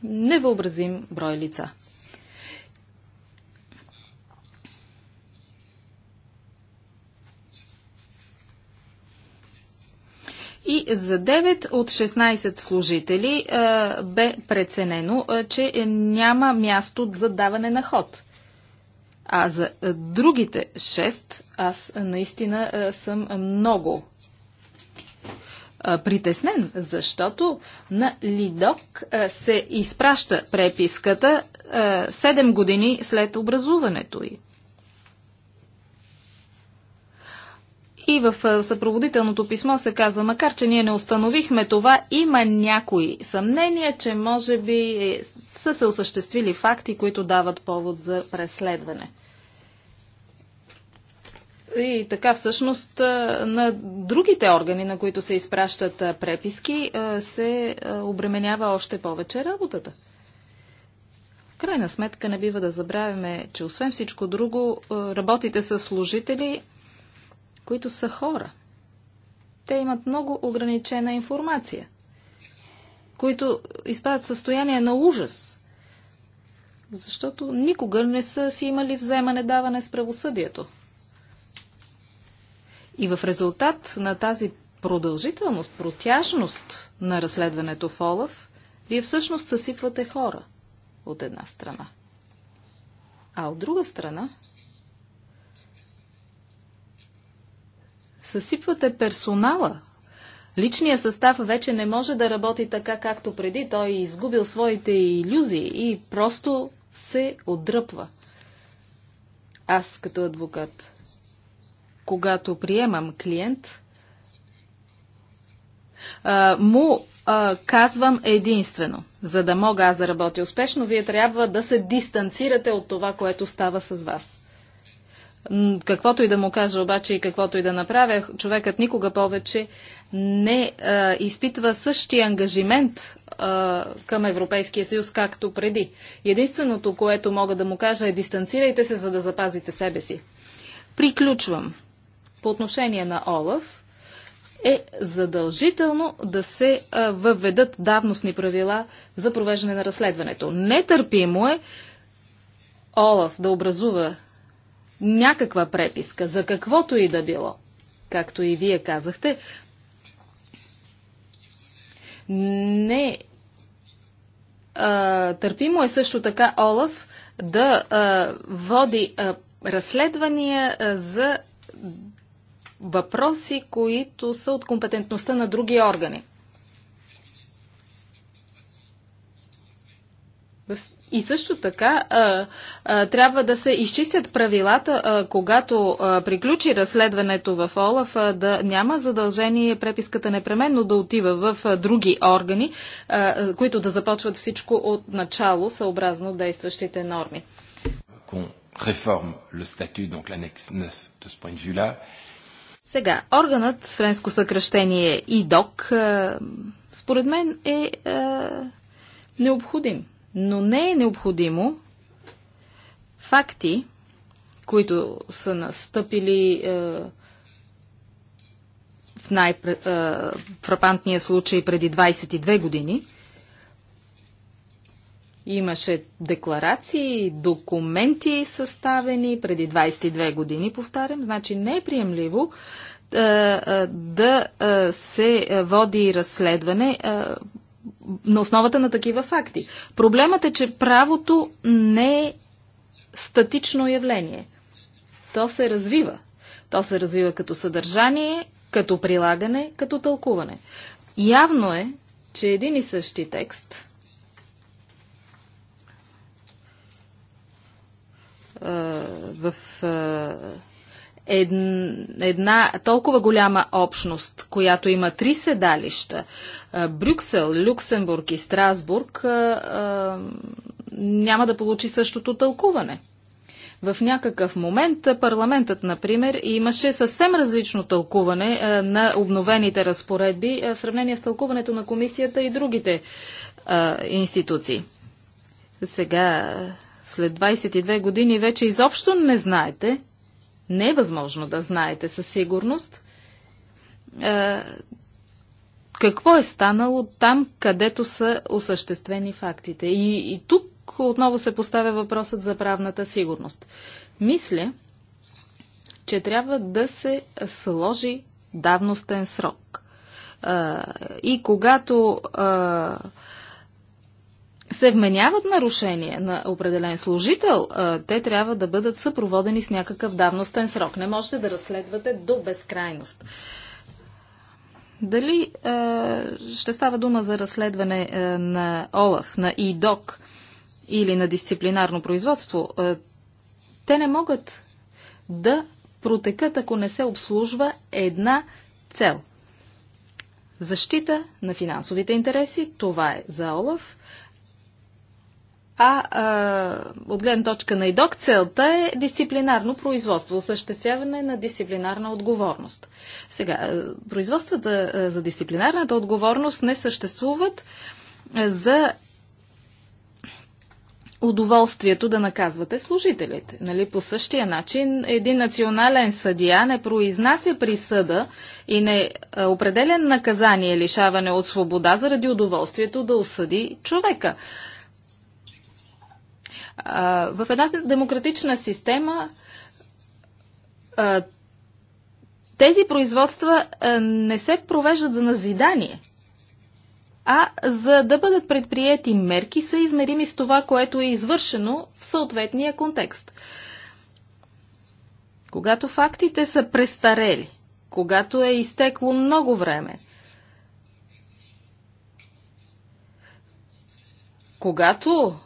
невъобразим брой лица. И за 9 от 16 служители е, бе преценено, е, че няма място за даване на ход – а за другите шест, аз наистина съм много притеснен, защото на Лидок се изпраща преписката 7 години след образуването й. И в съпроводителното писмо се казва, макар че ние не установихме това, има някои съмнения, че може би е, са се осъществили факти, които дават повод за преследване. И така всъщност на другите органи, на които се изпращат преписки, се обременява още повече работата. В крайна сметка не бива да забравяме, че освен всичко друго, работите с служители които са хора. Те имат много ограничена информация, които изпадат в състояние на ужас, защото никога не са си имали вземане-даване с правосъдието. И в резултат на тази продължителност, протяжност на разследването в Олаф, вие всъщност съсипвате хора от една страна. А от друга страна, съсипвате персонала. Личният състав вече не може да работи така, както преди. Той е изгубил своите иллюзии и просто се отдръпва. Аз като адвокат, когато приемам клиент, му казвам единствено, за да мога аз да работя успешно, вие трябва да се дистанцирате от това, което става с вас. Каквото и да му кажа обаче и каквото и да направя, човекът никога повече не а, е, изпитва същия ангажимент а, е, към Европейския съюз, както преди. Единственото, което мога да му кажа е дистанцирайте се, за да запазите себе си. Приключвам. По отношение на Олаф е задължително да се а, е, въведат давностни правила за провеждане на разследването. Нетърпимо е Олаф да образува някаква преписка, за каквото и да било, както и вие казахте, не а, търпимо е също така Олаф да а, води а, разследвания а, за въпроси, които са от компетентността на други органи. И също така а, а, трябва да се изчистят правилата, а, когато а, приключи разследването в ОЛАФ, а, да няма задължение преписката непременно да отива в а, други органи, а, които да започват всичко от начало, съобразно действащите норми. Сега, органът с френско съкръщение ИДОК, а, според мен е а, необходим но не е необходимо факти, които са настъпили е, в най-фрапантния е, случай преди 22 години. Имаше декларации, документи съставени преди 22 години, повтарям. Значи не е приемливо е, е да е, се води разследване е, на основата на такива факти. Проблемът е, че правото не е статично явление. То се развива. То се развива като съдържание, като прилагане, като тълкуване. Явно е, че един и същи текст в една толкова голяма общност, която има три седалища Брюксел, Люксембург и Страсбург, няма да получи същото тълкуване. В някакъв момент парламентът, например, имаше съвсем различно тълкуване на обновените разпоредби в сравнение с тълкуването на комисията и другите институции. Сега, след 22 години, вече изобщо не знаете не е възможно да знаете със сигурност е, какво е станало там, където са осъществени фактите. И, и тук отново се поставя въпросът за правната сигурност. Мисля, че трябва да се сложи давностен срок. Е, и когато е, се вменяват нарушения на определен служител, те трябва да бъдат съпроводени с някакъв давностен срок. Не можете да разследвате до безкрайност. Дали е, ще става дума за разследване е, на ОЛАФ, на ИДОК или на дисциплинарно производство, е, те не могат да протекат, ако не се обслужва една цел. Защита на финансовите интереси, това е за ОЛАФ, а, а от гледна точка на ИДОК целта е дисциплинарно производство, осъществяване на дисциплинарна отговорност. Сега, производствата за дисциплинарната отговорност не съществуват за удоволствието да наказвате служителите. Нали? По същия начин един национален съдия не произнася присъда и не определен наказание лишаване от свобода заради удоволствието да осъди човека в една демократична система тези производства не се провеждат за назидание, а за да бъдат предприяти мерки са измерими с това, което е извършено в съответния контекст. Когато фактите са престарели, когато е изтекло много време, когато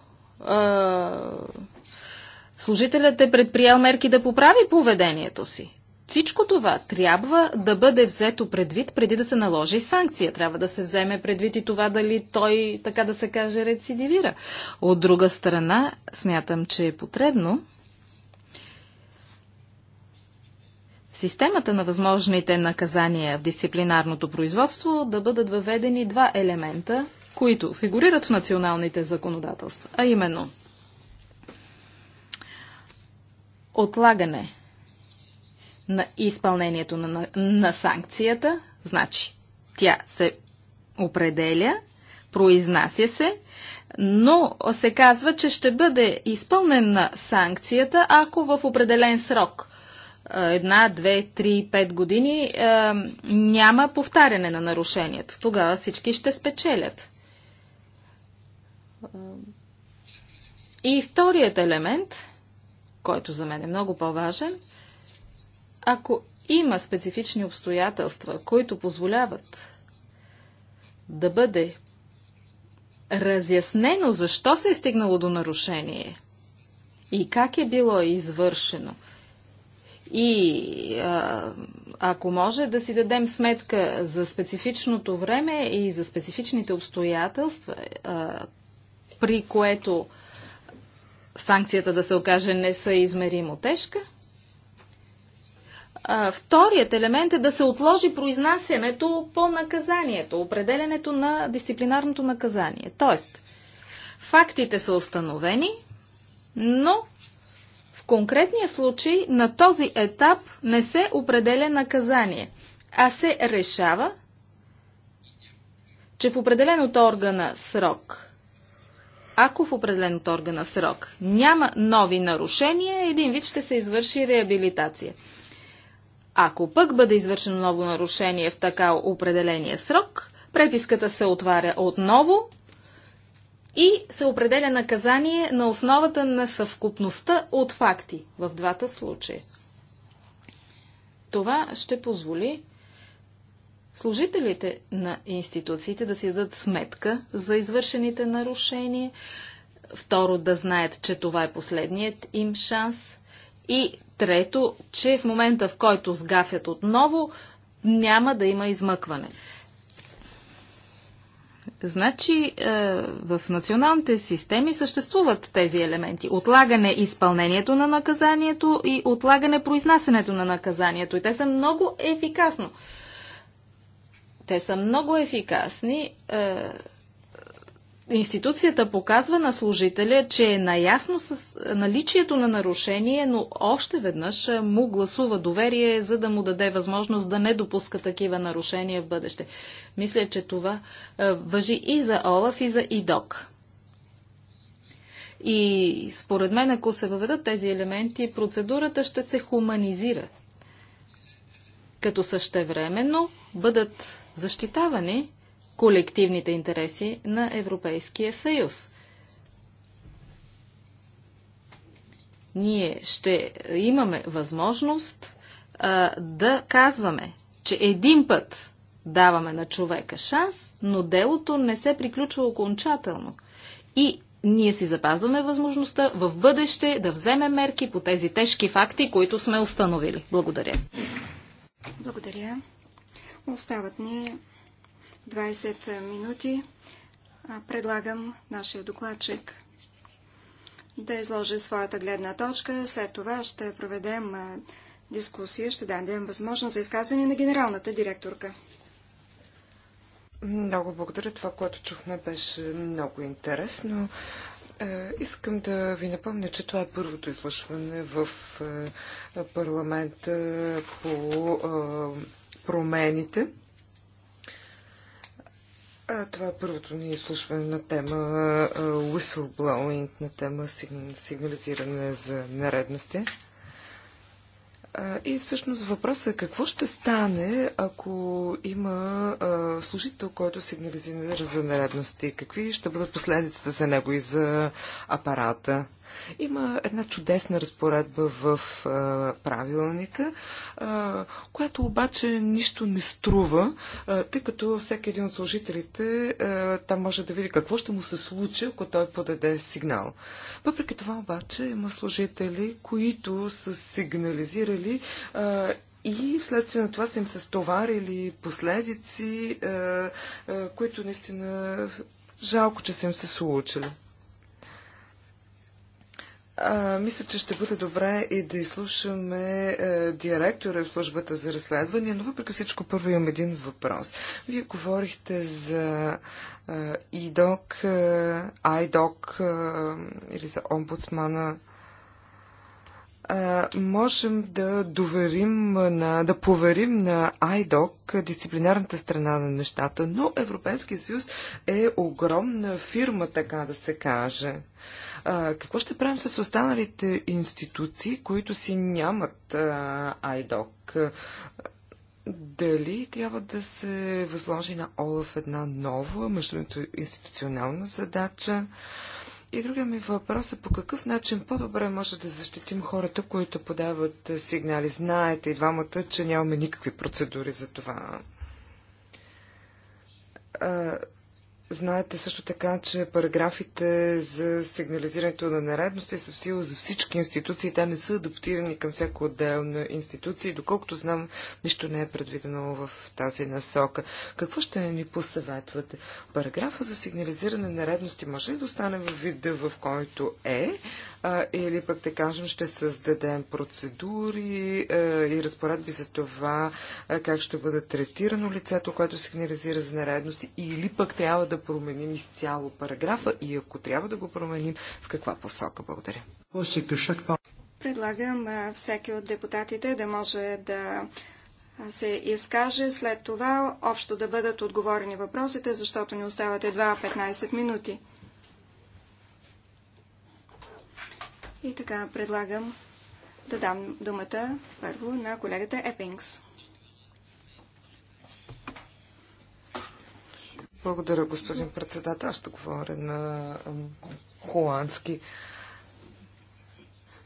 служителят е предприял мерки да поправи поведението си. Всичко това трябва да бъде взето предвид преди да се наложи санкция. Трябва да се вземе предвид и това дали той, така да се каже, рецидивира. От друга страна, смятам, че е потребно в системата на възможните наказания в дисциплинарното производство да бъдат въведени два елемента – които фигурират в националните законодателства, а именно отлагане на изпълнението на, на, на санкцията, значи тя се определя, произнася се, но се казва, че ще бъде изпълнена санкцията, ако в определен срок една, две, три, пет години няма повтаряне на нарушението. Тогава всички ще спечелят. И вторият елемент, който за мен е много по-важен, ако има специфични обстоятелства, които позволяват да бъде разяснено защо се е стигнало до нарушение и как е било извършено. И а, ако може да си дадем сметка за специфичното време и за специфичните обстоятелства, а, при което санкцията да се окаже не са измеримо тежка. А, вторият елемент е да се отложи произнасянето по наказанието, определенето на дисциплинарното наказание. Тоест, фактите са установени, но в конкретния случай на този етап не се определя наказание, а се решава, че в определен от органа срок ако в определен от органа срок няма нови нарушения, един вид ще се извърши реабилитация. Ако пък бъде извършено ново нарушение в така определения срок, преписката се отваря отново и се определя наказание на основата на съвкупността от факти в двата случая. Това ще позволи служителите на институциите да си дадат сметка за извършените нарушения, второ да знаят, че това е последният им шанс и трето, че в момента в който сгафят отново, няма да има измъкване. Значи е, в националните системи съществуват тези елементи. Отлагане изпълнението на наказанието и отлагане произнасянето на наказанието. И те са много ефикасно те са много ефикасни. Е, институцията показва на служителя, че е наясно с е, наличието на нарушение, но още веднъж е, му гласува доверие, за да му даде възможност да не допуска такива нарушения в бъдеще. Мисля, че това е, въжи и за Олаф, и за ИДОК. И според мен, ако се въведат тези елементи, процедурата ще се хуманизира, като същевременно бъдат защитавани колективните интереси на Европейския съюз. Ние ще имаме възможност а, да казваме, че един път даваме на човека шанс, но делото не се приключва окончателно. И ние си запазваме възможността в бъдеще да вземем мерки по тези тежки факти, които сме установили. Благодаря. Благодаря. Остават ни 20 е, минути. Предлагам нашия докладчик да изложи своята гледна точка. След това ще проведем е, дискусия, ще дадем възможност за изказване на генералната директорка. Много благодаря. Това, което чухме, беше много интересно. Е, искам да ви напомня, че това е първото изслушване в парламента по промените. А, това е първото ни изслушване на тема whistleblowing, на тема сигнализиране за нередности. И всъщност въпросът е какво ще стане, ако има а, служител, който сигнализира за нередности? Какви ще бъдат последиците за него и за апарата? Има една чудесна разпоредба в а, правилника, а, която обаче нищо не струва, а, тъй като всеки един от служителите а, там може да види какво ще му се случи, ако той подаде сигнал. Въпреки това обаче има служители, които са сигнализирали а, и вследствие на това са им се стоварили последици, а, а, които наистина жалко, че са им се случили. А, мисля, че ще бъде добре и да изслушаме е, директора в службата за разследване, но въпреки всичко първо имам един въпрос. Вие говорихте за е, ИДОК, е, IDOC е, или за омбудсмана. Е, можем да доверим, на, да поверим на IDOC дисциплинарната страна на нещата, но Европейския съюз е огромна фирма, така да се каже. А, какво ще правим с останалите институции, които си нямат а, IDOC? Дали трябва да се възложи на Олаф една нова институционална задача? И другия ми въпрос е по какъв начин по-добре може да защитим хората, които подават сигнали. Знаете и двамата, че нямаме никакви процедури за това. Знаете също така, че параграфите за сигнализирането на нередности са в сила за всички институции. Те не са адаптирани към всяко отделна институция. Доколкото знам, нищо не е предвидено в тази насока. Какво ще ни посъветвате? Параграфа за сигнализиране на нередности може ли да остане във вида, в който е? или пък да кажем ще създадем процедури и разпоредби за това как ще бъде третирано лицето, което сигнализира за нередности или пък трябва да променим изцяло параграфа и ако трябва да го променим, в каква посока? Благодаря. Предлагам всеки от депутатите да може да се изкаже. След това общо да бъдат отговорени въпросите, защото ни остават едва 15 минути. И така предлагам да дам думата първо на колегата Епингс. Благодаря, господин председател. Аз ще говоря на холандски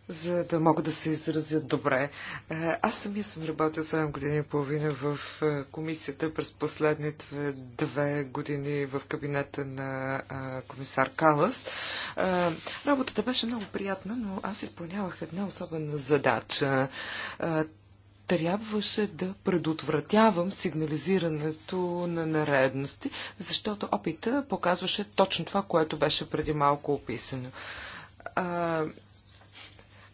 за да могат да се изразят добре. Е, аз самия съм работил 7 години и половина в е, комисията през последните две години в кабинета на е, комисар Калас. Работата беше много приятна, но аз изпълнявах една особена задача трябваше да предотвратявам сигнализирането на наредности, защото опита показваше точно това, което беше преди малко описано.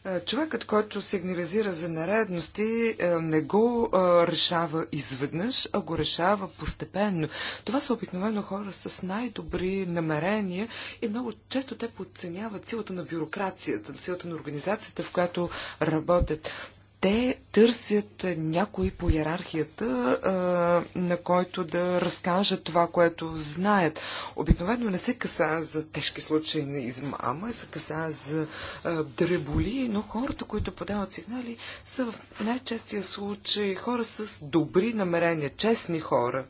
Е, човекът, който сигнализира за нередности, е, не го е, решава изведнъж, а го решава постепенно. Това са обикновено хора с най-добри намерения и много често те подценяват силата на бюрокрацията, силата на организацията, в която работят те търсят някой по иерархията, а, на който да разкажат това, което знаят. Обикновено не се каса за тежки случаи на измама, се каса за а, дреболи, но хората, които подават сигнали, са в най-честия случай хора с добри намерения, честни хора.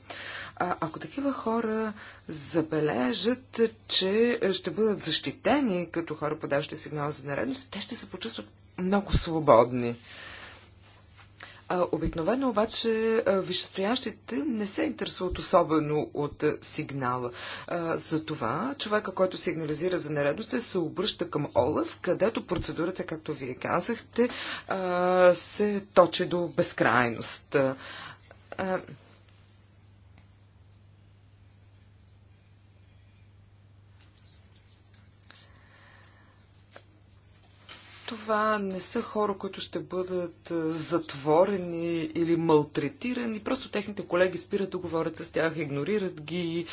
А, ако такива хора забележат, че ще бъдат защитени като хора, подаващи сигнал за наредност, те ще се почувстват много свободни. Обикновено обаче висшестоящите не се интересуват особено от сигнала. Затова човека, който сигнализира за нередности, се обръща към Олаф, където процедурата, както вие казахте, се точи до безкрайност. това не са хора, които ще бъдат затворени или малтретирани. Просто техните колеги спират да говорят с тях, игнорират ги,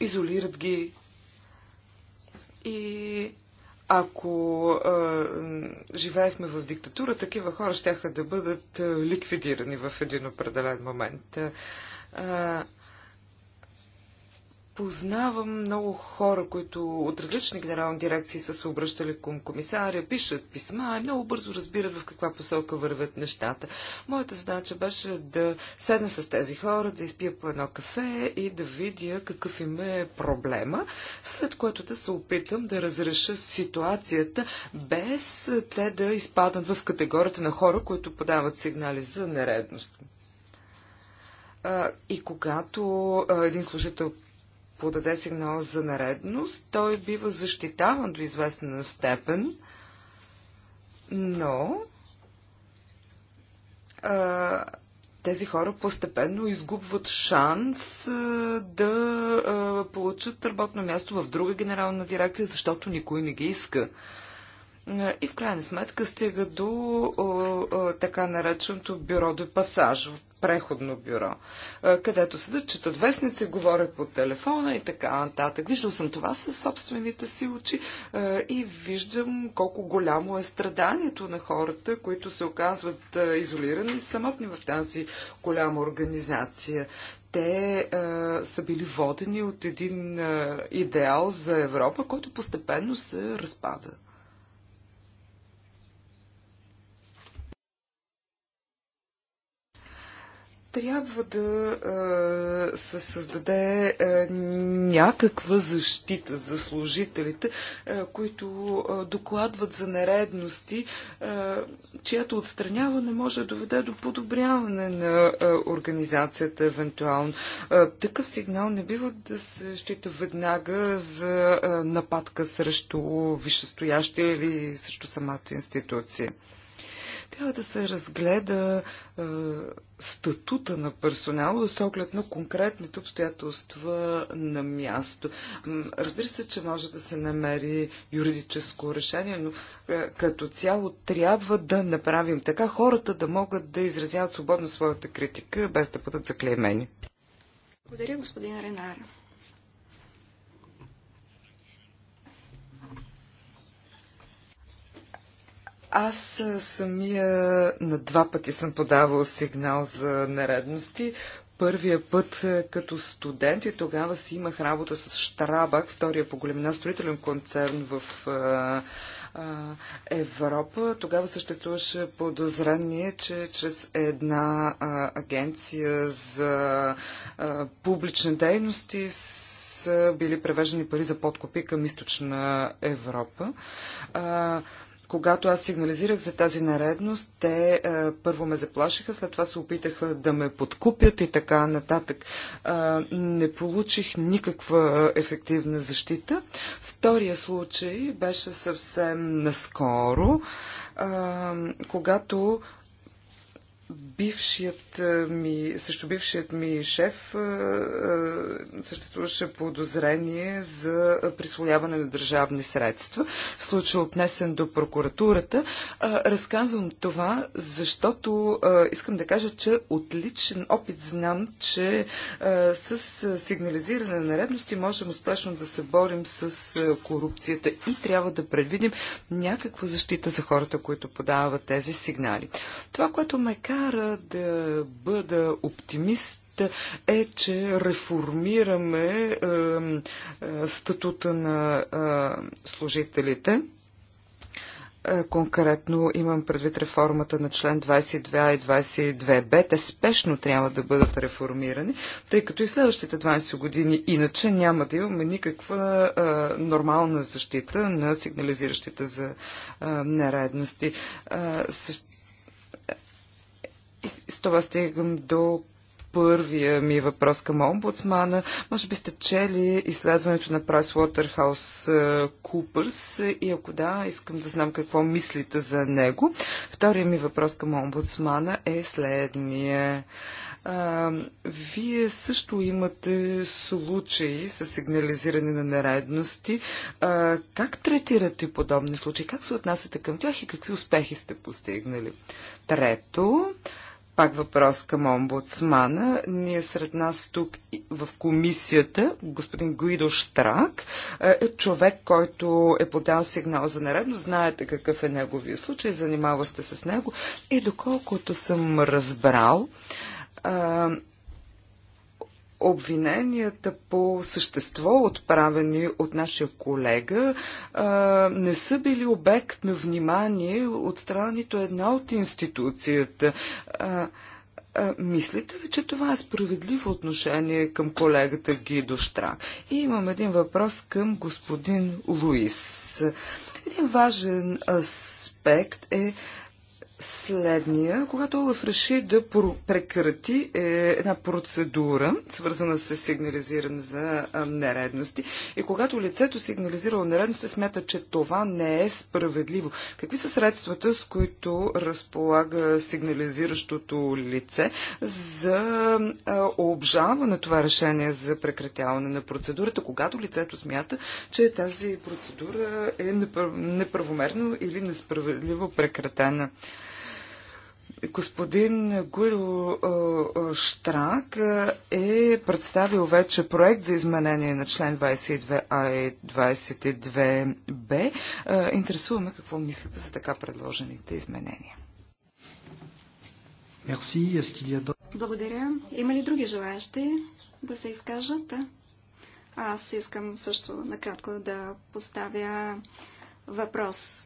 изолират ги. И ако а, живеехме в диктатура, такива хора ще да бъдат ликвидирани в един определен момент. А, Познавам много хора, които от различни генерални дирекции са се обръщали към комисаря, пишат писма и много бързо разбират в каква посока вървят нещата. Моята задача беше да седна с тези хора, да изпия по едно кафе и да видя какъв им е проблема, след което да се опитам да разреша ситуацията, без те да изпаднат в категорията на хора, които подават сигнали за нередност. И когато един служител подаде сигнал за наредност, той бива защитаван до известна степен, но а, тези хора постепенно изгубват шанс а, да а, получат работно място в друга генерална дирекция, защото никой не ги иска. И в крайна сметка стига до а, а, така нареченото бюро до пасаж преходно бюро, където седят, четат вестници, говорят по телефона и така нататък. Виждал съм това със собствените си очи и виждам колко голямо е страданието на хората, които се оказват изолирани и самотни в тази голяма организация те е, са били водени от един е, идеал за Европа, който постепенно се разпада. трябва да а, се създаде а, някаква защита за служителите, а, които а, докладват за нередности, а, чиято отстраняване може да доведе до подобряване на а, организацията евентуално. А, такъв сигнал не бива да се счита веднага за а, нападка срещу висшестоящи или срещу самата институция. Трябва да се разгледа а, статута на персонала с оглед на конкретните обстоятелства на място. Разбира се, че може да се намери юридическо решение, но е, като цяло трябва да направим така хората да могат да изразяват свободно своята критика, без да бъдат заклеймени. Благодаря, господин Ренар. Аз самия на два пъти съм подавал сигнал за нередности. Първия път като студент и тогава си имах работа с Штрабак, втория по големина строителен концерн в Европа. Тогава съществуваше подозрение, че чрез една агенция за публични дейности са били превеждани пари за подкопи към източна Европа. Когато аз сигнализирах за тази наредност, те а, е, първо ме заплашиха, след това се опитаха да ме подкупят и така нататък. А, е, не получих никаква ефективна защита. Втория случай беше съвсем наскоро, а, е, когато бившият е, ми, също бившият ми шеф е, е, съществуваше подозрение за присвояване на държавни средства. В случай отнесен до прокуратурата. Разказвам това, защото искам да кажа, че от личен опит знам, че с сигнализиране на наредности можем успешно да се борим с корупцията и трябва да предвидим някаква защита за хората, които подават тези сигнали. Това, което ме кара да бъда оптимист е, че реформираме е, е, статута на е, служителите. Е, конкретно имам предвид реформата на член 22А и 22Б. Те спешно трябва да бъдат реформирани, тъй като и следващите 20 години иначе няма да имаме никаква е, нормална защита на сигнализиращите за е, нередности. Е, също и с това стигам до първия ми въпрос към омбудсмана. Може би сте чели изследването на PricewaterhouseCoopers и ако да, искам да знам какво мислите за него. Втория ми въпрос към омбудсмана е следния. А, вие също имате случаи с сигнализиране на нередности. А, как третирате подобни случаи? Как се отнасяте към тях и какви успехи сте постигнали? Трето, а, пак въпрос към омбудсмана. Ние сред нас тук в комисията, господин Гуидо Штрак, е, е човек, който е подал сигнал за наредно. Знаете какъв е неговия случай, занимава сте се с него. И доколкото съм разбрал, обвиненията по същество, отправени от нашия колега, не са били обект на внимание от страна нито една от институцията. Мислите ли, че това е справедливо отношение към колегата Гидо Штрак? И имам един въпрос към господин Луис. Един важен аспект е следния. Когато Олаф реши да прекрати е, една процедура, свързана с сигнализиране за нередности, и когато лицето сигнализирало нередност, се смята, че това не е справедливо. Какви са средствата, с които разполага сигнализиращото лице за а, на това решение за прекратяване на процедурата, когато лицето смята, че тази процедура е неправомерно или несправедливо прекратена? Господин Гуило Штрак е представил вече проект за изменение на член 22А и 22Б. Интересуваме какво мислите за така предложените изменения. Благодаря. Има ли други желаящи да се изкажат? Аз искам също накратко да поставя въпрос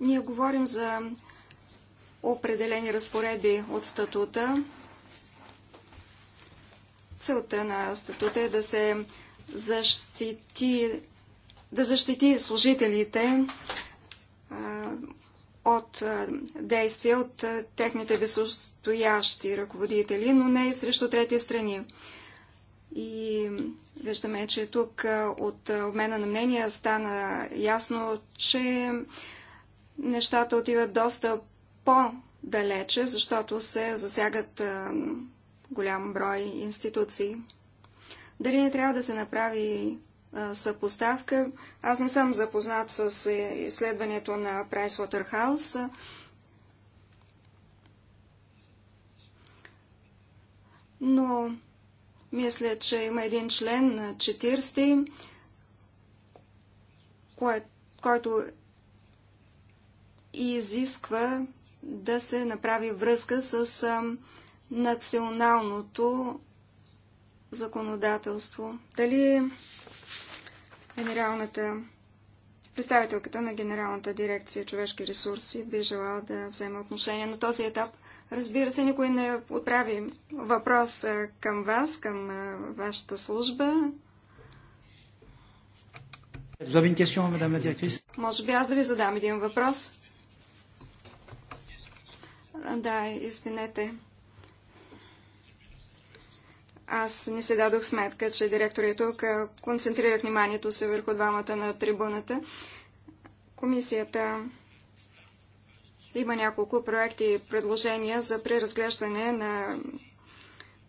Ние говорим за определени разпоредби от статута. Целта на статута е да се защити, да защити служителите а, от а, действия от а, техните висостоящи ръководители, но не и срещу трети страни. И виждаме, че тук от обмена на мнения стана ясно, че нещата отиват доста по-далече, защото се засягат а, голям брой институции. Дали не трябва да се направи а, съпоставка? Аз не съм запознат с е, изследването на Pricewaterhouse. Но мисля, че има един член на 40, който и изисква да се направи връзка с националното законодателство. Дали генералната представителката на Генералната дирекция човешки ресурси би желала да вземе отношение на този етап? Разбира се, никой не отправи въпрос към вас, към вашата служба. Може би аз да ви задам един въпрос. Да, извинете. Аз не се дадох сметка, че директор е тук. Концентрирах вниманието се върху двамата на трибуната. Комисията има няколко проекти и предложения за преразглеждане на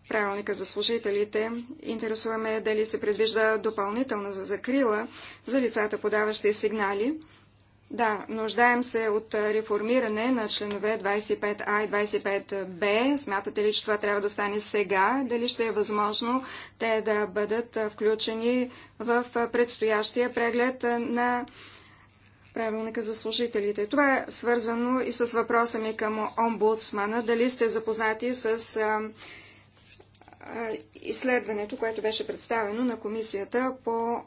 правилника за служителите. Интересуваме дали се предвижда допълнителна за закрила за лицата, подаващи сигнали. Да, нуждаем се от реформиране на членове 25А и 25Б. Смятате ли, че това трябва да стане сега? Дали ще е възможно те да бъдат включени в предстоящия преглед на правилника за служителите? Това е свързано и с въпроса ми към омбудсмана. Дали сте запознати с изследването, което беше представено на комисията по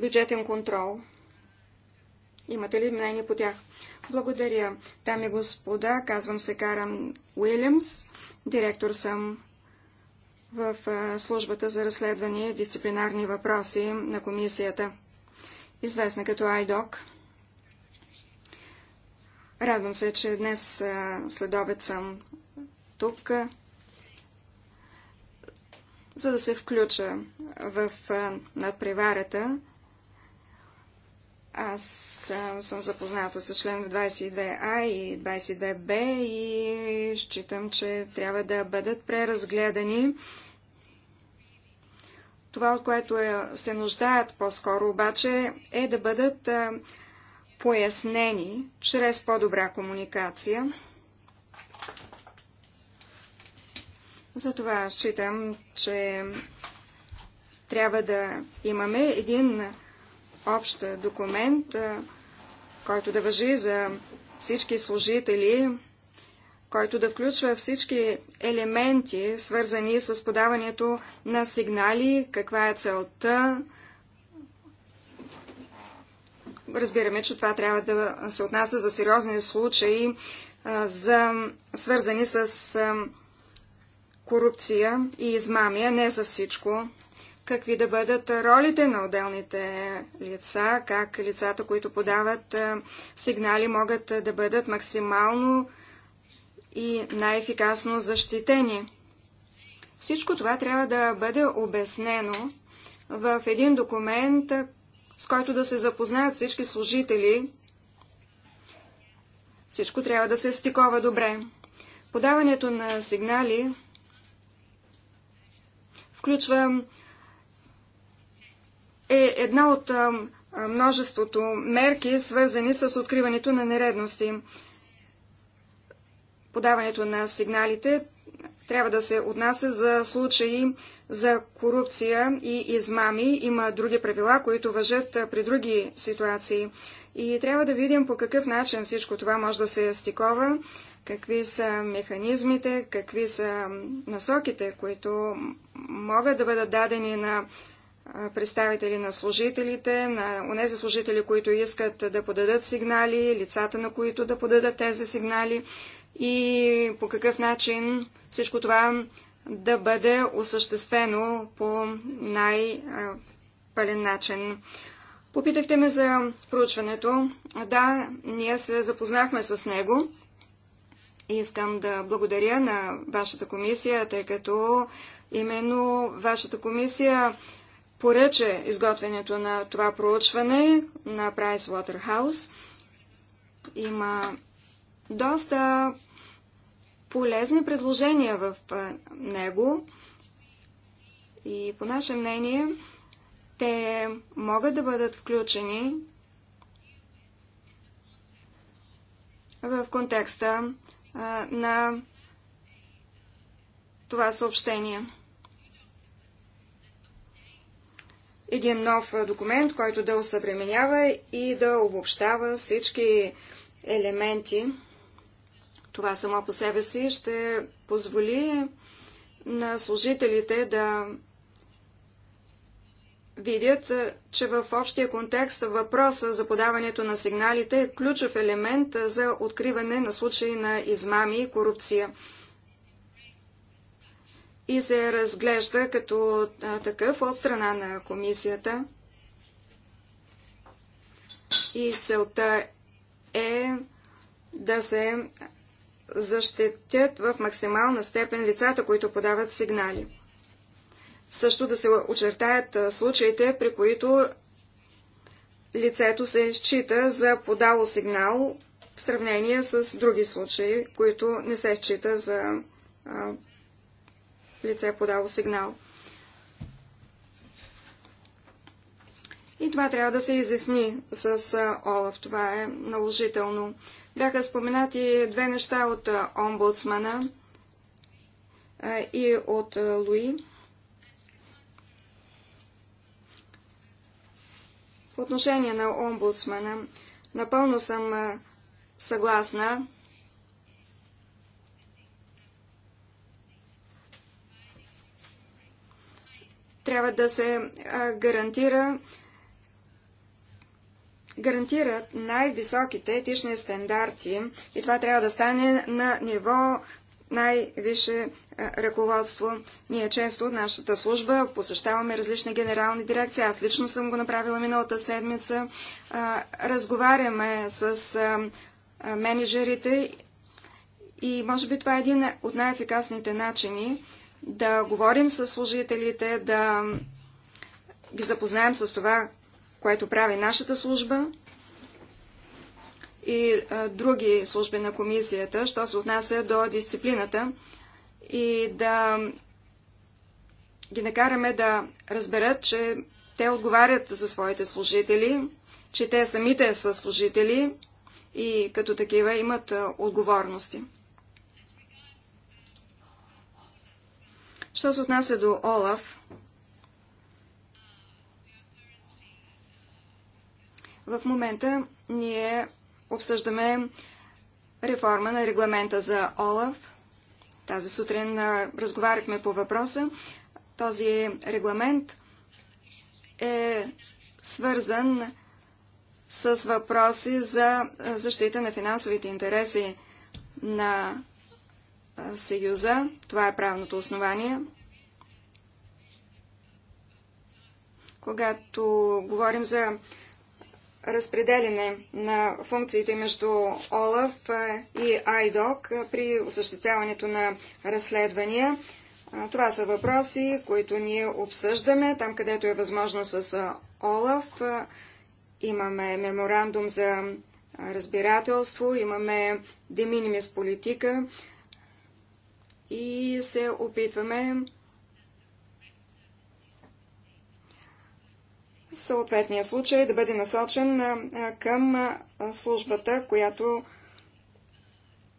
бюджетен контрол? Имате ли мнение по тях? Благодаря. там и господа, казвам се Карам Уилямс. Директор съм в службата за разследване и дисциплинарни въпроси на комисията, известна като IDOC. Радвам се, че днес следобед съм тук, за да се включа в надпреварата аз съм запозната с член 22А и 22Б и считам, че трябва да бъдат преразгледани. Това, от което е, се нуждаят по-скоро обаче, е да бъдат пояснени чрез по-добра комуникация. Затова считам, че трябва да имаме един общ документ, който да въжи за всички служители, който да включва всички елементи, свързани с подаването на сигнали, каква е целта. Разбираме, че това трябва да се отнася за сериозни случаи, за, свързани с корупция и измамия, не за всичко какви да бъдат ролите на отделните лица, как лицата, които подават сигнали, могат да бъдат максимално и най-ефикасно защитени. Всичко това трябва да бъде обяснено в един документ, с който да се запознаят всички служители. Всичко трябва да се стикова добре. Подаването на сигнали включва е една от множеството мерки, свързани с откриването на нередности. Подаването на сигналите трябва да се отнася за случаи за корупция и измами. Има други правила, които въжат при други ситуации. И трябва да видим по какъв начин всичко това може да се стикова, какви са механизмите, какви са насоките, които могат да бъдат дадени на представители на служителите, на тези служители, които искат да подадат сигнали, лицата на които да подадат тези сигнали и по какъв начин всичко това да бъде осъществено по най-пълен начин. Попитахте ме за проучването. Да, ние се запознахме с него. Искам да благодаря на вашата комисия, тъй като именно вашата комисия поръча изготвянето на това проучване на Уотерхаус Има доста полезни предложения в него и по наше мнение те могат да бъдат включени в контекста на това съобщение. един нов документ, който да осъвременява и да обобщава всички елементи. Това само по себе си ще позволи на служителите да видят, че в общия контекст въпроса за подаването на сигналите е ключов елемент за откриване на случаи на измами и корупция и се разглежда като такъв от страна на комисията. И целта е да се защитят в максимална степен лицата, които подават сигнали. Също да се очертаят случаите, при които лицето се счита за подало сигнал в сравнение с други случаи, които не се счита за а, лице е подало сигнал. И това трябва да се изясни с Олаф. Това е наложително. Бяха споменати две неща от омбудсмана и от Луи. По отношение на омбудсмана, напълно съм съгласна трябва да се гарантира гарантират най-високите етични стандарти и това трябва да стане на ниво най-висше ръководство. Ние често от нашата служба посещаваме различни генерални дирекции. Аз лично съм го направила миналата седмица. разговаряме с менеджерите и може би това е един от най-ефикасните начини да говорим с служителите, да ги запознаем с това, което прави нашата служба и а, други служби на комисията, що се отнася до дисциплината и да ги накараме да разберат, че те отговарят за своите служители, че те самите са служители и като такива имат а, отговорности. Що се отнася до Олаф, в момента ние обсъждаме реформа на регламента за Олаф. Тази сутрин разговаряхме по въпроса. Този регламент е свързан с въпроси за защита на финансовите интереси на Съюза. Това е правното основание. Когато говорим за разпределене на функциите между ОЛАФ и АЙДОК при осъществяването на разследвания, това са въпроси, които ние обсъждаме там, където е възможно с ОЛАФ. Имаме меморандум за разбирателство, имаме деминимис политика и се опитваме съответния случай да бъде насочен към службата, която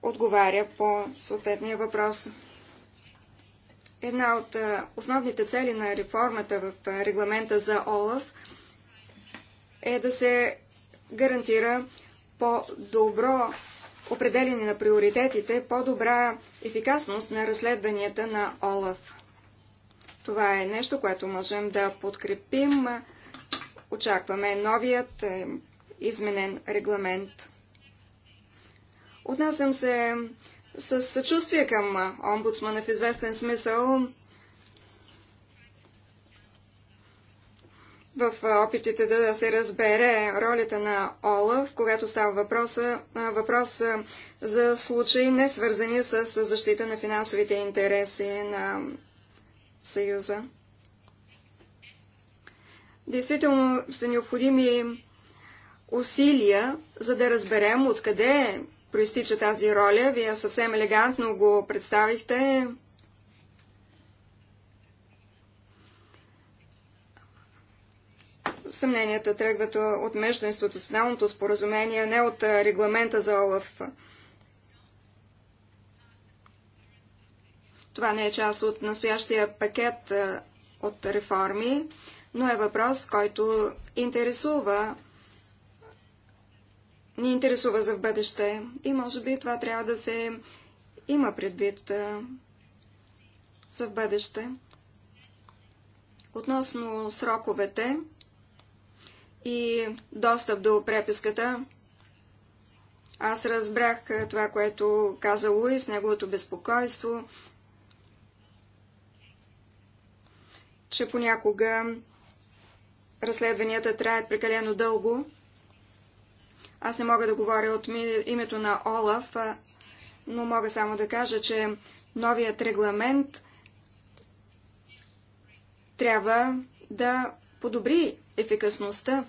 отговаря по съответния въпрос. Една от основните цели на реформата в регламента за ОЛАВ е да се гарантира по-добро определени на приоритетите, по-добра ефикасност на разследванията на ОЛАФ. Това е нещо, което можем да подкрепим. Очакваме новият е, изменен регламент. Отнасям се с съчувствие към омбудсмана в известен смисъл, в опитите да се разбере ролята на Олаф, когато става въпроса, въпрос за случаи не свързани с защита на финансовите интереси на Съюза. Действително са необходими усилия, за да разберем откъде проистича тази роля. Вие съвсем елегантно го представихте, съмненията тръгват от междуинституционалното споразумение, не от регламента за ОЛАФ. Това не е част от настоящия пакет от реформи, но е въпрос, който интересува ни интересува за в бъдеще. И може би това трябва да се има предвид за в бъдеще. Относно сроковете, и достъп до преписката. Аз разбрах е, това, което каза Луис, неговото безпокойство, че понякога разследванията траят прекалено дълго. Аз не мога да говоря от името на Олаф, но мога само да кажа, че новият регламент трябва да подобри ефикасността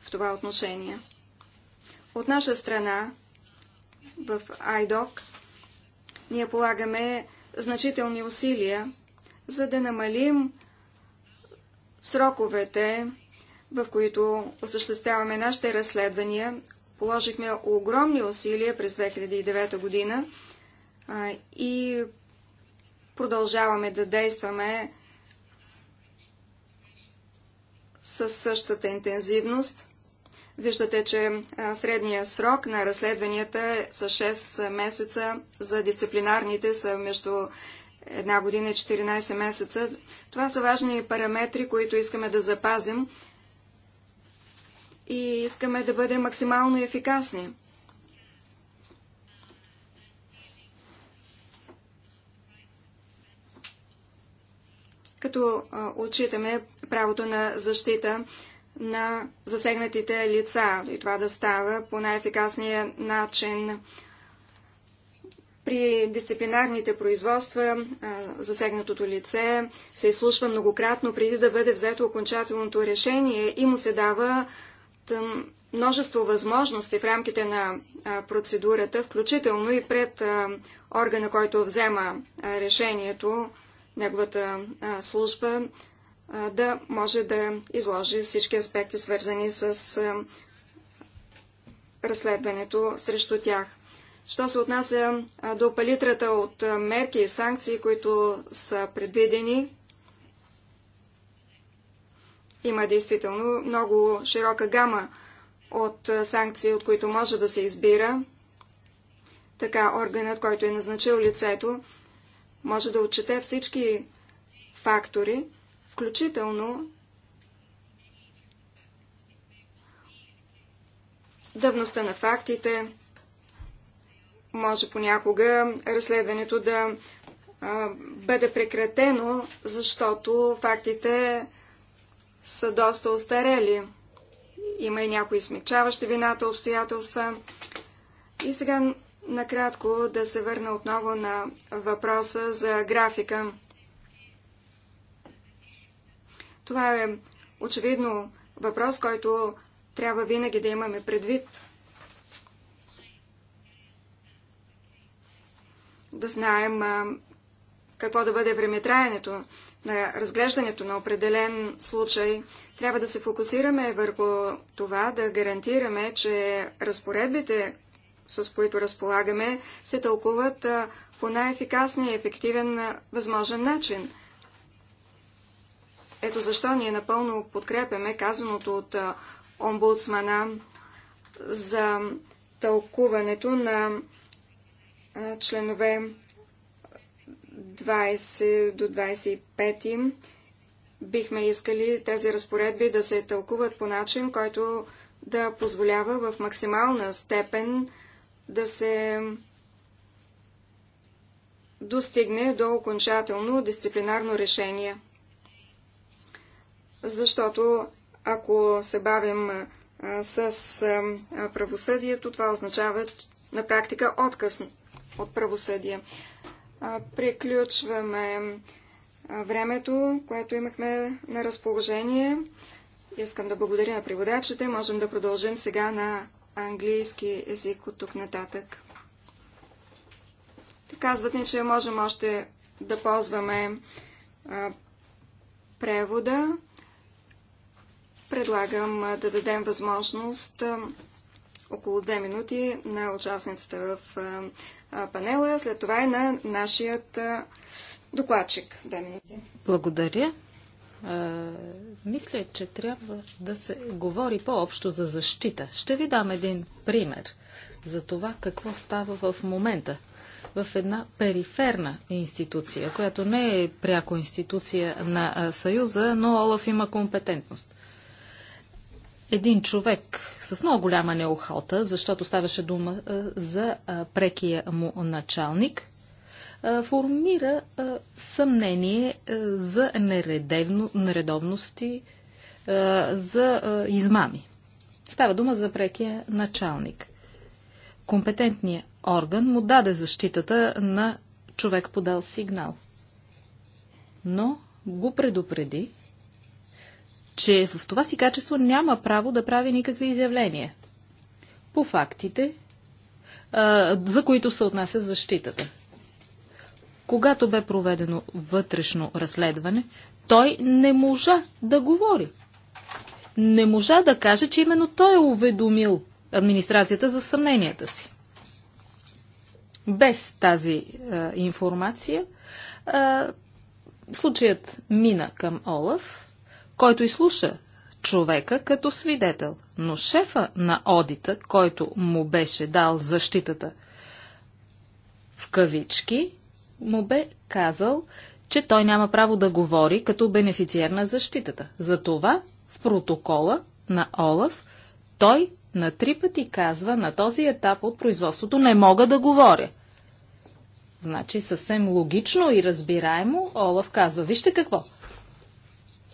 в това отношение. От наша страна, в IDOC, ние полагаме значителни усилия, за да намалим сроковете, в които осъществяваме нашите разследвания. Положихме огромни усилия през 2009 година и продължаваме да действаме със същата интензивност. Виждате, че средния срок на разследванията е с 6 месеца, за дисциплинарните са между една година и 14 месеца. Това са важни параметри, които искаме да запазим и искаме да бъдем максимално ефикасни. като отчитаме правото на защита на засегнатите лица и това да става по най-ефикасния начин. При дисциплинарните производства засегнатото лице се изслушва многократно преди да бъде взето окончателното решение и му се дава множество възможности в рамките на процедурата, включително и пред органа, който взема решението неговата служба да може да изложи всички аспекти, свързани с разследването срещу тях. Що се отнася до палитрата от мерки и санкции, които са предвидени, има действително много широка гама от санкции, от които може да се избира. Така органът, който е назначил лицето, може да отчете всички фактори, включително дъвността на фактите, може понякога разследването да а, бъде прекратено, защото фактите са доста остарели. Има и някои смягчаващи вината обстоятелства. И сега накратко да се върна отново на въпроса за графика. Това е очевидно въпрос, който трябва винаги да имаме предвид. Да знаем какво да бъде времетраенето на разглеждането на определен случай, трябва да се фокусираме върху това да гарантираме, че разпоредбите, с които разполагаме, се тълкуват по най-ефикасния и ефективен възможен начин. Ето защо ние напълно подкрепяме казаното от омбудсмана за тълкуването на членове 20 до 25 бихме искали тези разпоредби да се тълкуват по начин, който да позволява в максимална степен да се достигне до окончателно дисциплинарно решение. Защото ако се бавим с правосъдието, това означава на практика отказ от правосъдие. Приключваме времето, което имахме на разположение. Искам да благодаря на преводачите. Можем да продължим сега на английски език от тук нататък. Те казват ни, че можем още да ползваме а, превода. Предлагам а, да дадем възможност а, около две минути на участницата в а, а, панела, след това и на нашият а, докладчик. Две минути. Благодаря мисля, че трябва да се говори по-общо за защита. Ще ви дам един пример за това какво става в момента в една периферна институция, която не е пряко институция на Съюза, но Олаф има компетентност. Един човек с много голяма неохота, защото ставаше дума за прекия му началник, формира съмнение за нередевно, нередовности, за измами. Става дума за прекия началник. Компетентният орган му даде защитата на човек подал сигнал. Но го предупреди, че в това си качество няма право да прави никакви изявления по фактите, за които се отнася защитата. Когато бе проведено вътрешно разследване, той не можа да говори. Не можа да каже, че именно той е уведомил администрацията за съмненията си. Без тази е, информация е, случаят мина към Олаф, който изслуша човека като свидетел. Но шефа на одита, който му беше дал защитата в кавички, му бе казал, че той няма право да говори като бенефициер на защитата. Затова в протокола на Олаф той на три пъти казва на този етап от производството не мога да говоря. Значи съвсем логично и разбираемо Олаф казва, вижте какво,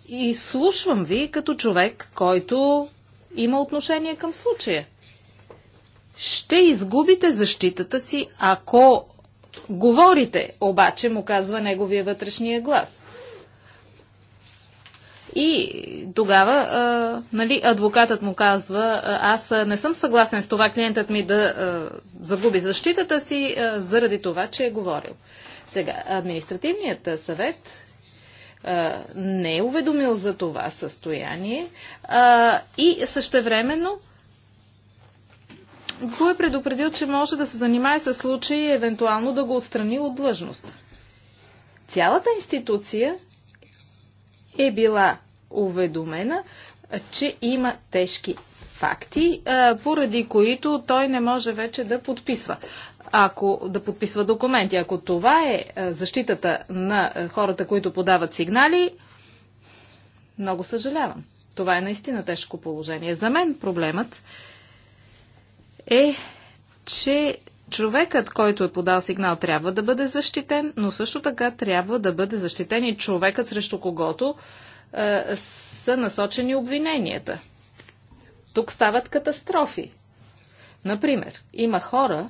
и слушвам ви като човек, който има отношение към случая. Ще изгубите защитата си, ако говорите, обаче му казва неговия вътрешния глас. И тогава а, нали, адвокатът му казва, аз не съм съгласен с това клиентът ми да а, загуби защитата си а, заради това, че е говорил. Сега, административният съвет а, не е уведомил за това състояние а, и същевременно го е предупредил, че може да се занимае с случаи и евентуално да го отстрани от длъжност. Цялата институция е била уведомена, че има тежки факти, поради които той не може вече да подписва. Ако да подписва документи, ако това е защитата на хората, които подават сигнали, много съжалявам. Това е наистина тежко положение. За мен проблемът е, че човекът, който е подал сигнал, трябва да бъде защитен, но също така трябва да бъде защитен и човекът, срещу когото е, са насочени обвиненията. Тук стават катастрофи. Например, има хора,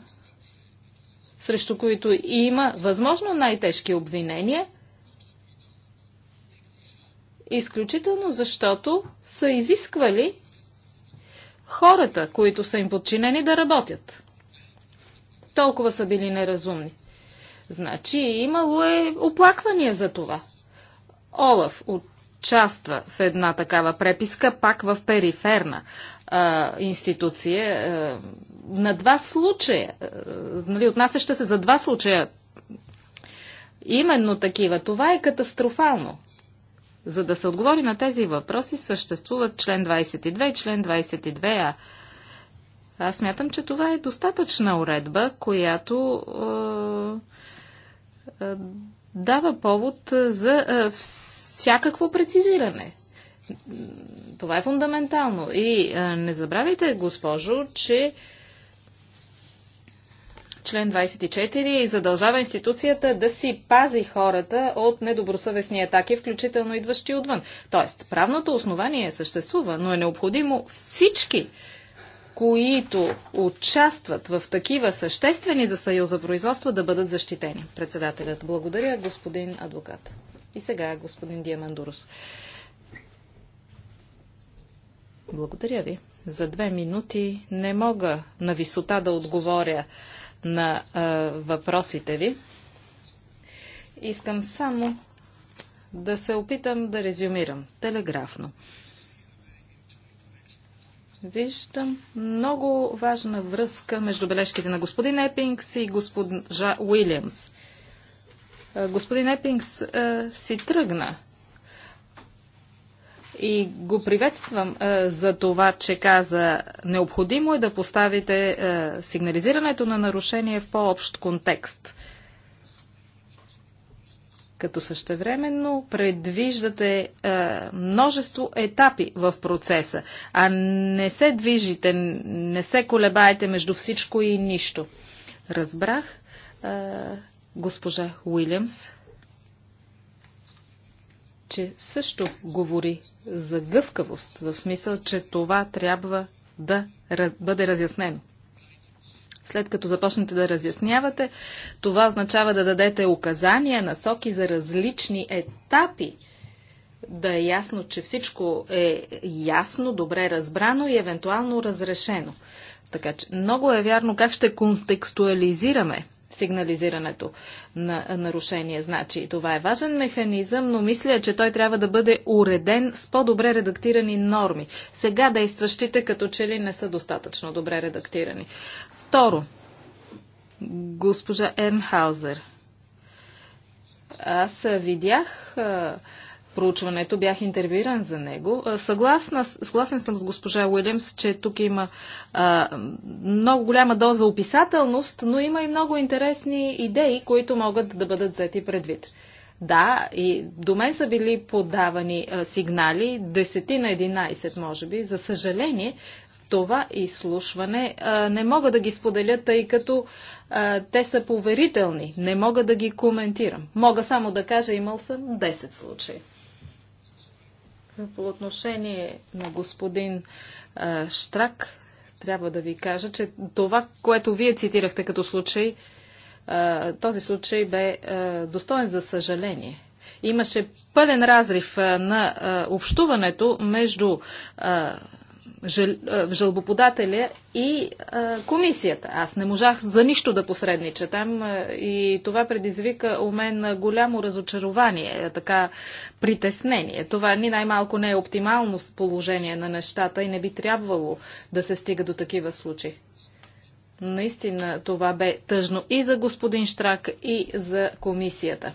срещу които има възможно най-тежки обвинения, изключително защото са изисквали хората, които са им подчинени, да работят. Толкова са били неразумни. Значи имало е оплаквания за това. Олаф участва в една такава преписка, пак в периферна а, институция. А, на два случая, а, нали, отнасяща се за два случая, именно такива. Това е катастрофално. За да се отговори на тези въпроси, съществуват член 22 и член 22а. Аз смятам, че това е достатъчна уредба, която е, е, дава повод е, за е, всякакво прецизиране. Това е фундаментално. И е, не забравяйте, госпожо, че е, Член 24 задължава институцията да си пази хората от недобросъвестни атаки, включително идващи отвън. Тоест, правното основание съществува, но е необходимо всички които участват в такива съществени за Съюза производства да бъдат защитени. Председателят, благодаря, господин адвокат. И сега, господин Диамандурус. Благодаря ви. За две минути не мога на висота да отговоря на а, въпросите ви. Искам само да се опитам да резюмирам телеграфно. Виждам много важна връзка между бележките на господин Епингс и господин Уилямс. Господин Епингс а, си тръгна и го приветствам е, за това, че каза необходимо е да поставите е, сигнализирането на нарушение в по-общ контекст. Като същевременно предвиждате е, множество етапи в процеса, а не се движите, не се колебаете между всичко и нищо. Разбрах, госпожа Уилямс че също говори за гъвкавост, в смисъл, че това трябва да бъде разяснено. След като започнете да разяснявате, това означава да дадете указания, насоки за различни етапи, да е ясно, че всичко е ясно, добре разбрано и евентуално разрешено. Така че много е вярно как ще контекстуализираме сигнализирането на нарушение. Значи, това е важен механизъм, но мисля, че той трябва да бъде уреден с по-добре редактирани норми. Сега действащите като че ли не са достатъчно добре редактирани. Второ, госпожа Ернхаузер. Аз видях проучването, бях интервюиран за него. Съгласна, съгласен съм с госпожа Уилямс, че тук има а, много голяма доза описателност, но има и много интересни идеи, които могат да бъдат взети предвид. Да, и до мен са били подавани а, сигнали, 10 на 11 може би. За съжаление, в това изслушване а, не мога да ги споделя, тъй като а, те са поверителни. Не мога да ги коментирам. Мога само да кажа, имал съм 10 случаи. По отношение на господин а, Штрак, трябва да ви кажа, че това, което вие цитирахте като случай, а, този случай бе а, достоен за съжаление. Имаше пълен разрив а, на а, общуването между а, жълбоподателя и комисията. Аз не можах за нищо да посреднича там и това предизвика у мен голямо разочарование, така притеснение. Това ни най-малко не е оптимално положение на нещата и не би трябвало да се стига до такива случаи. Наистина това бе тъжно и за господин Штрак, и за комисията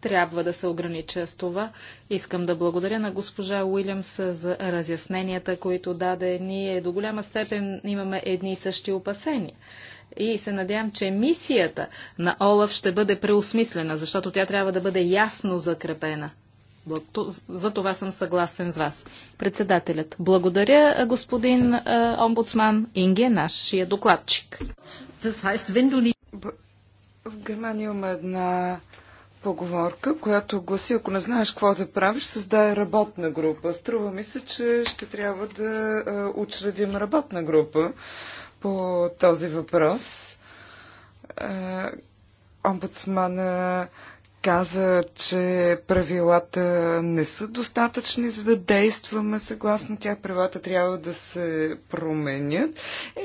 трябва да се огранича с това. Искам да благодаря на госпожа Уилямс за разясненията, които даде. Ние до голяма степен имаме едни и същи опасения. И се надявам, че мисията на Олаф ще бъде преосмислена, защото тя трябва да бъде ясно закрепена. За това съм съгласен с вас. Председателят. Благодаря, господин е, омбудсман Инге, нашия докладчик. В Германия има една поговорка, която гласи, ако не знаеш какво да правиш, създай работна група. Струва ми се, че ще трябва да учредим работна група по този въпрос. Омбудсмана каза, че правилата не са достатъчни за да действаме съгласно тях. Правилата трябва да се променят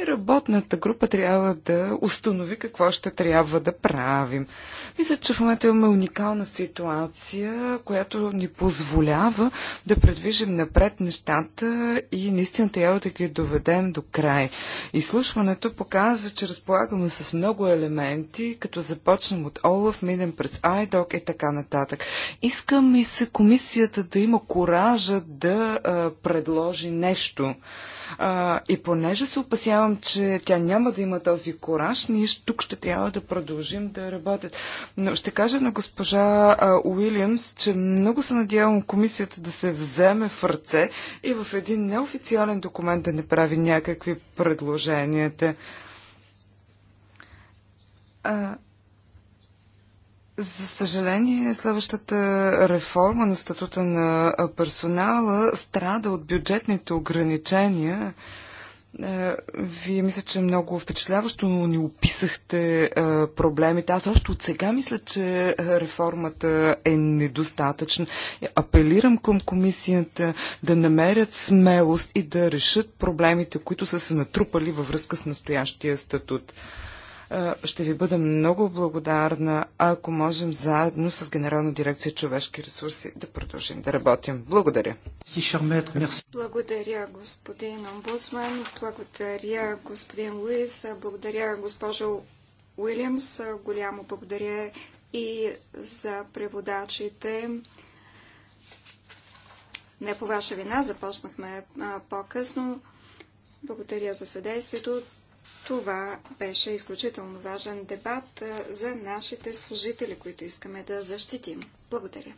и работната група трябва да установи какво ще трябва да правим. Мисля, че в момента имаме уникална ситуация, която ни позволява да предвижим напред нещата и наистина трябва да ги доведем до край. Изслушването показва, че разполагаме с много елементи, като започнем от Олаф, минем през Айдо, срок и така нататък. Искам и се комисията да има коража да а, предложи нещо. А, и понеже се опасявам, че тя няма да има този кораж, ние тук ще трябва да продължим да работят. Но ще кажа на госпожа а, Уилямс, че много се надявам комисията да се вземе в ръце и в един неофициален документ да не прави някакви предложенията. А, за съжаление, следващата реформа на статута на персонала страда от бюджетните ограничения. Е, вие мисля, че много впечатляващо ни описахте е, проблемите. Аз още от сега мисля, че е, реформата е недостатъчна. Апелирам към комисията да намерят смелост и да решат проблемите, които са се натрупали във връзка с настоящия статут ще ви бъда много благодарна, ако можем заедно с Генерална дирекция човешки ресурси да продължим да работим. Благодаря. Благодаря, господин омбудсман. Благодаря, господин Луис. Благодаря, госпожо Уилямс. Голямо благодаря и за преводачите. Не по ваша вина, започнахме по-късно. Благодаря за съдействието. Това беше изключително важен дебат за нашите служители, които искаме да защитим. Благодаря.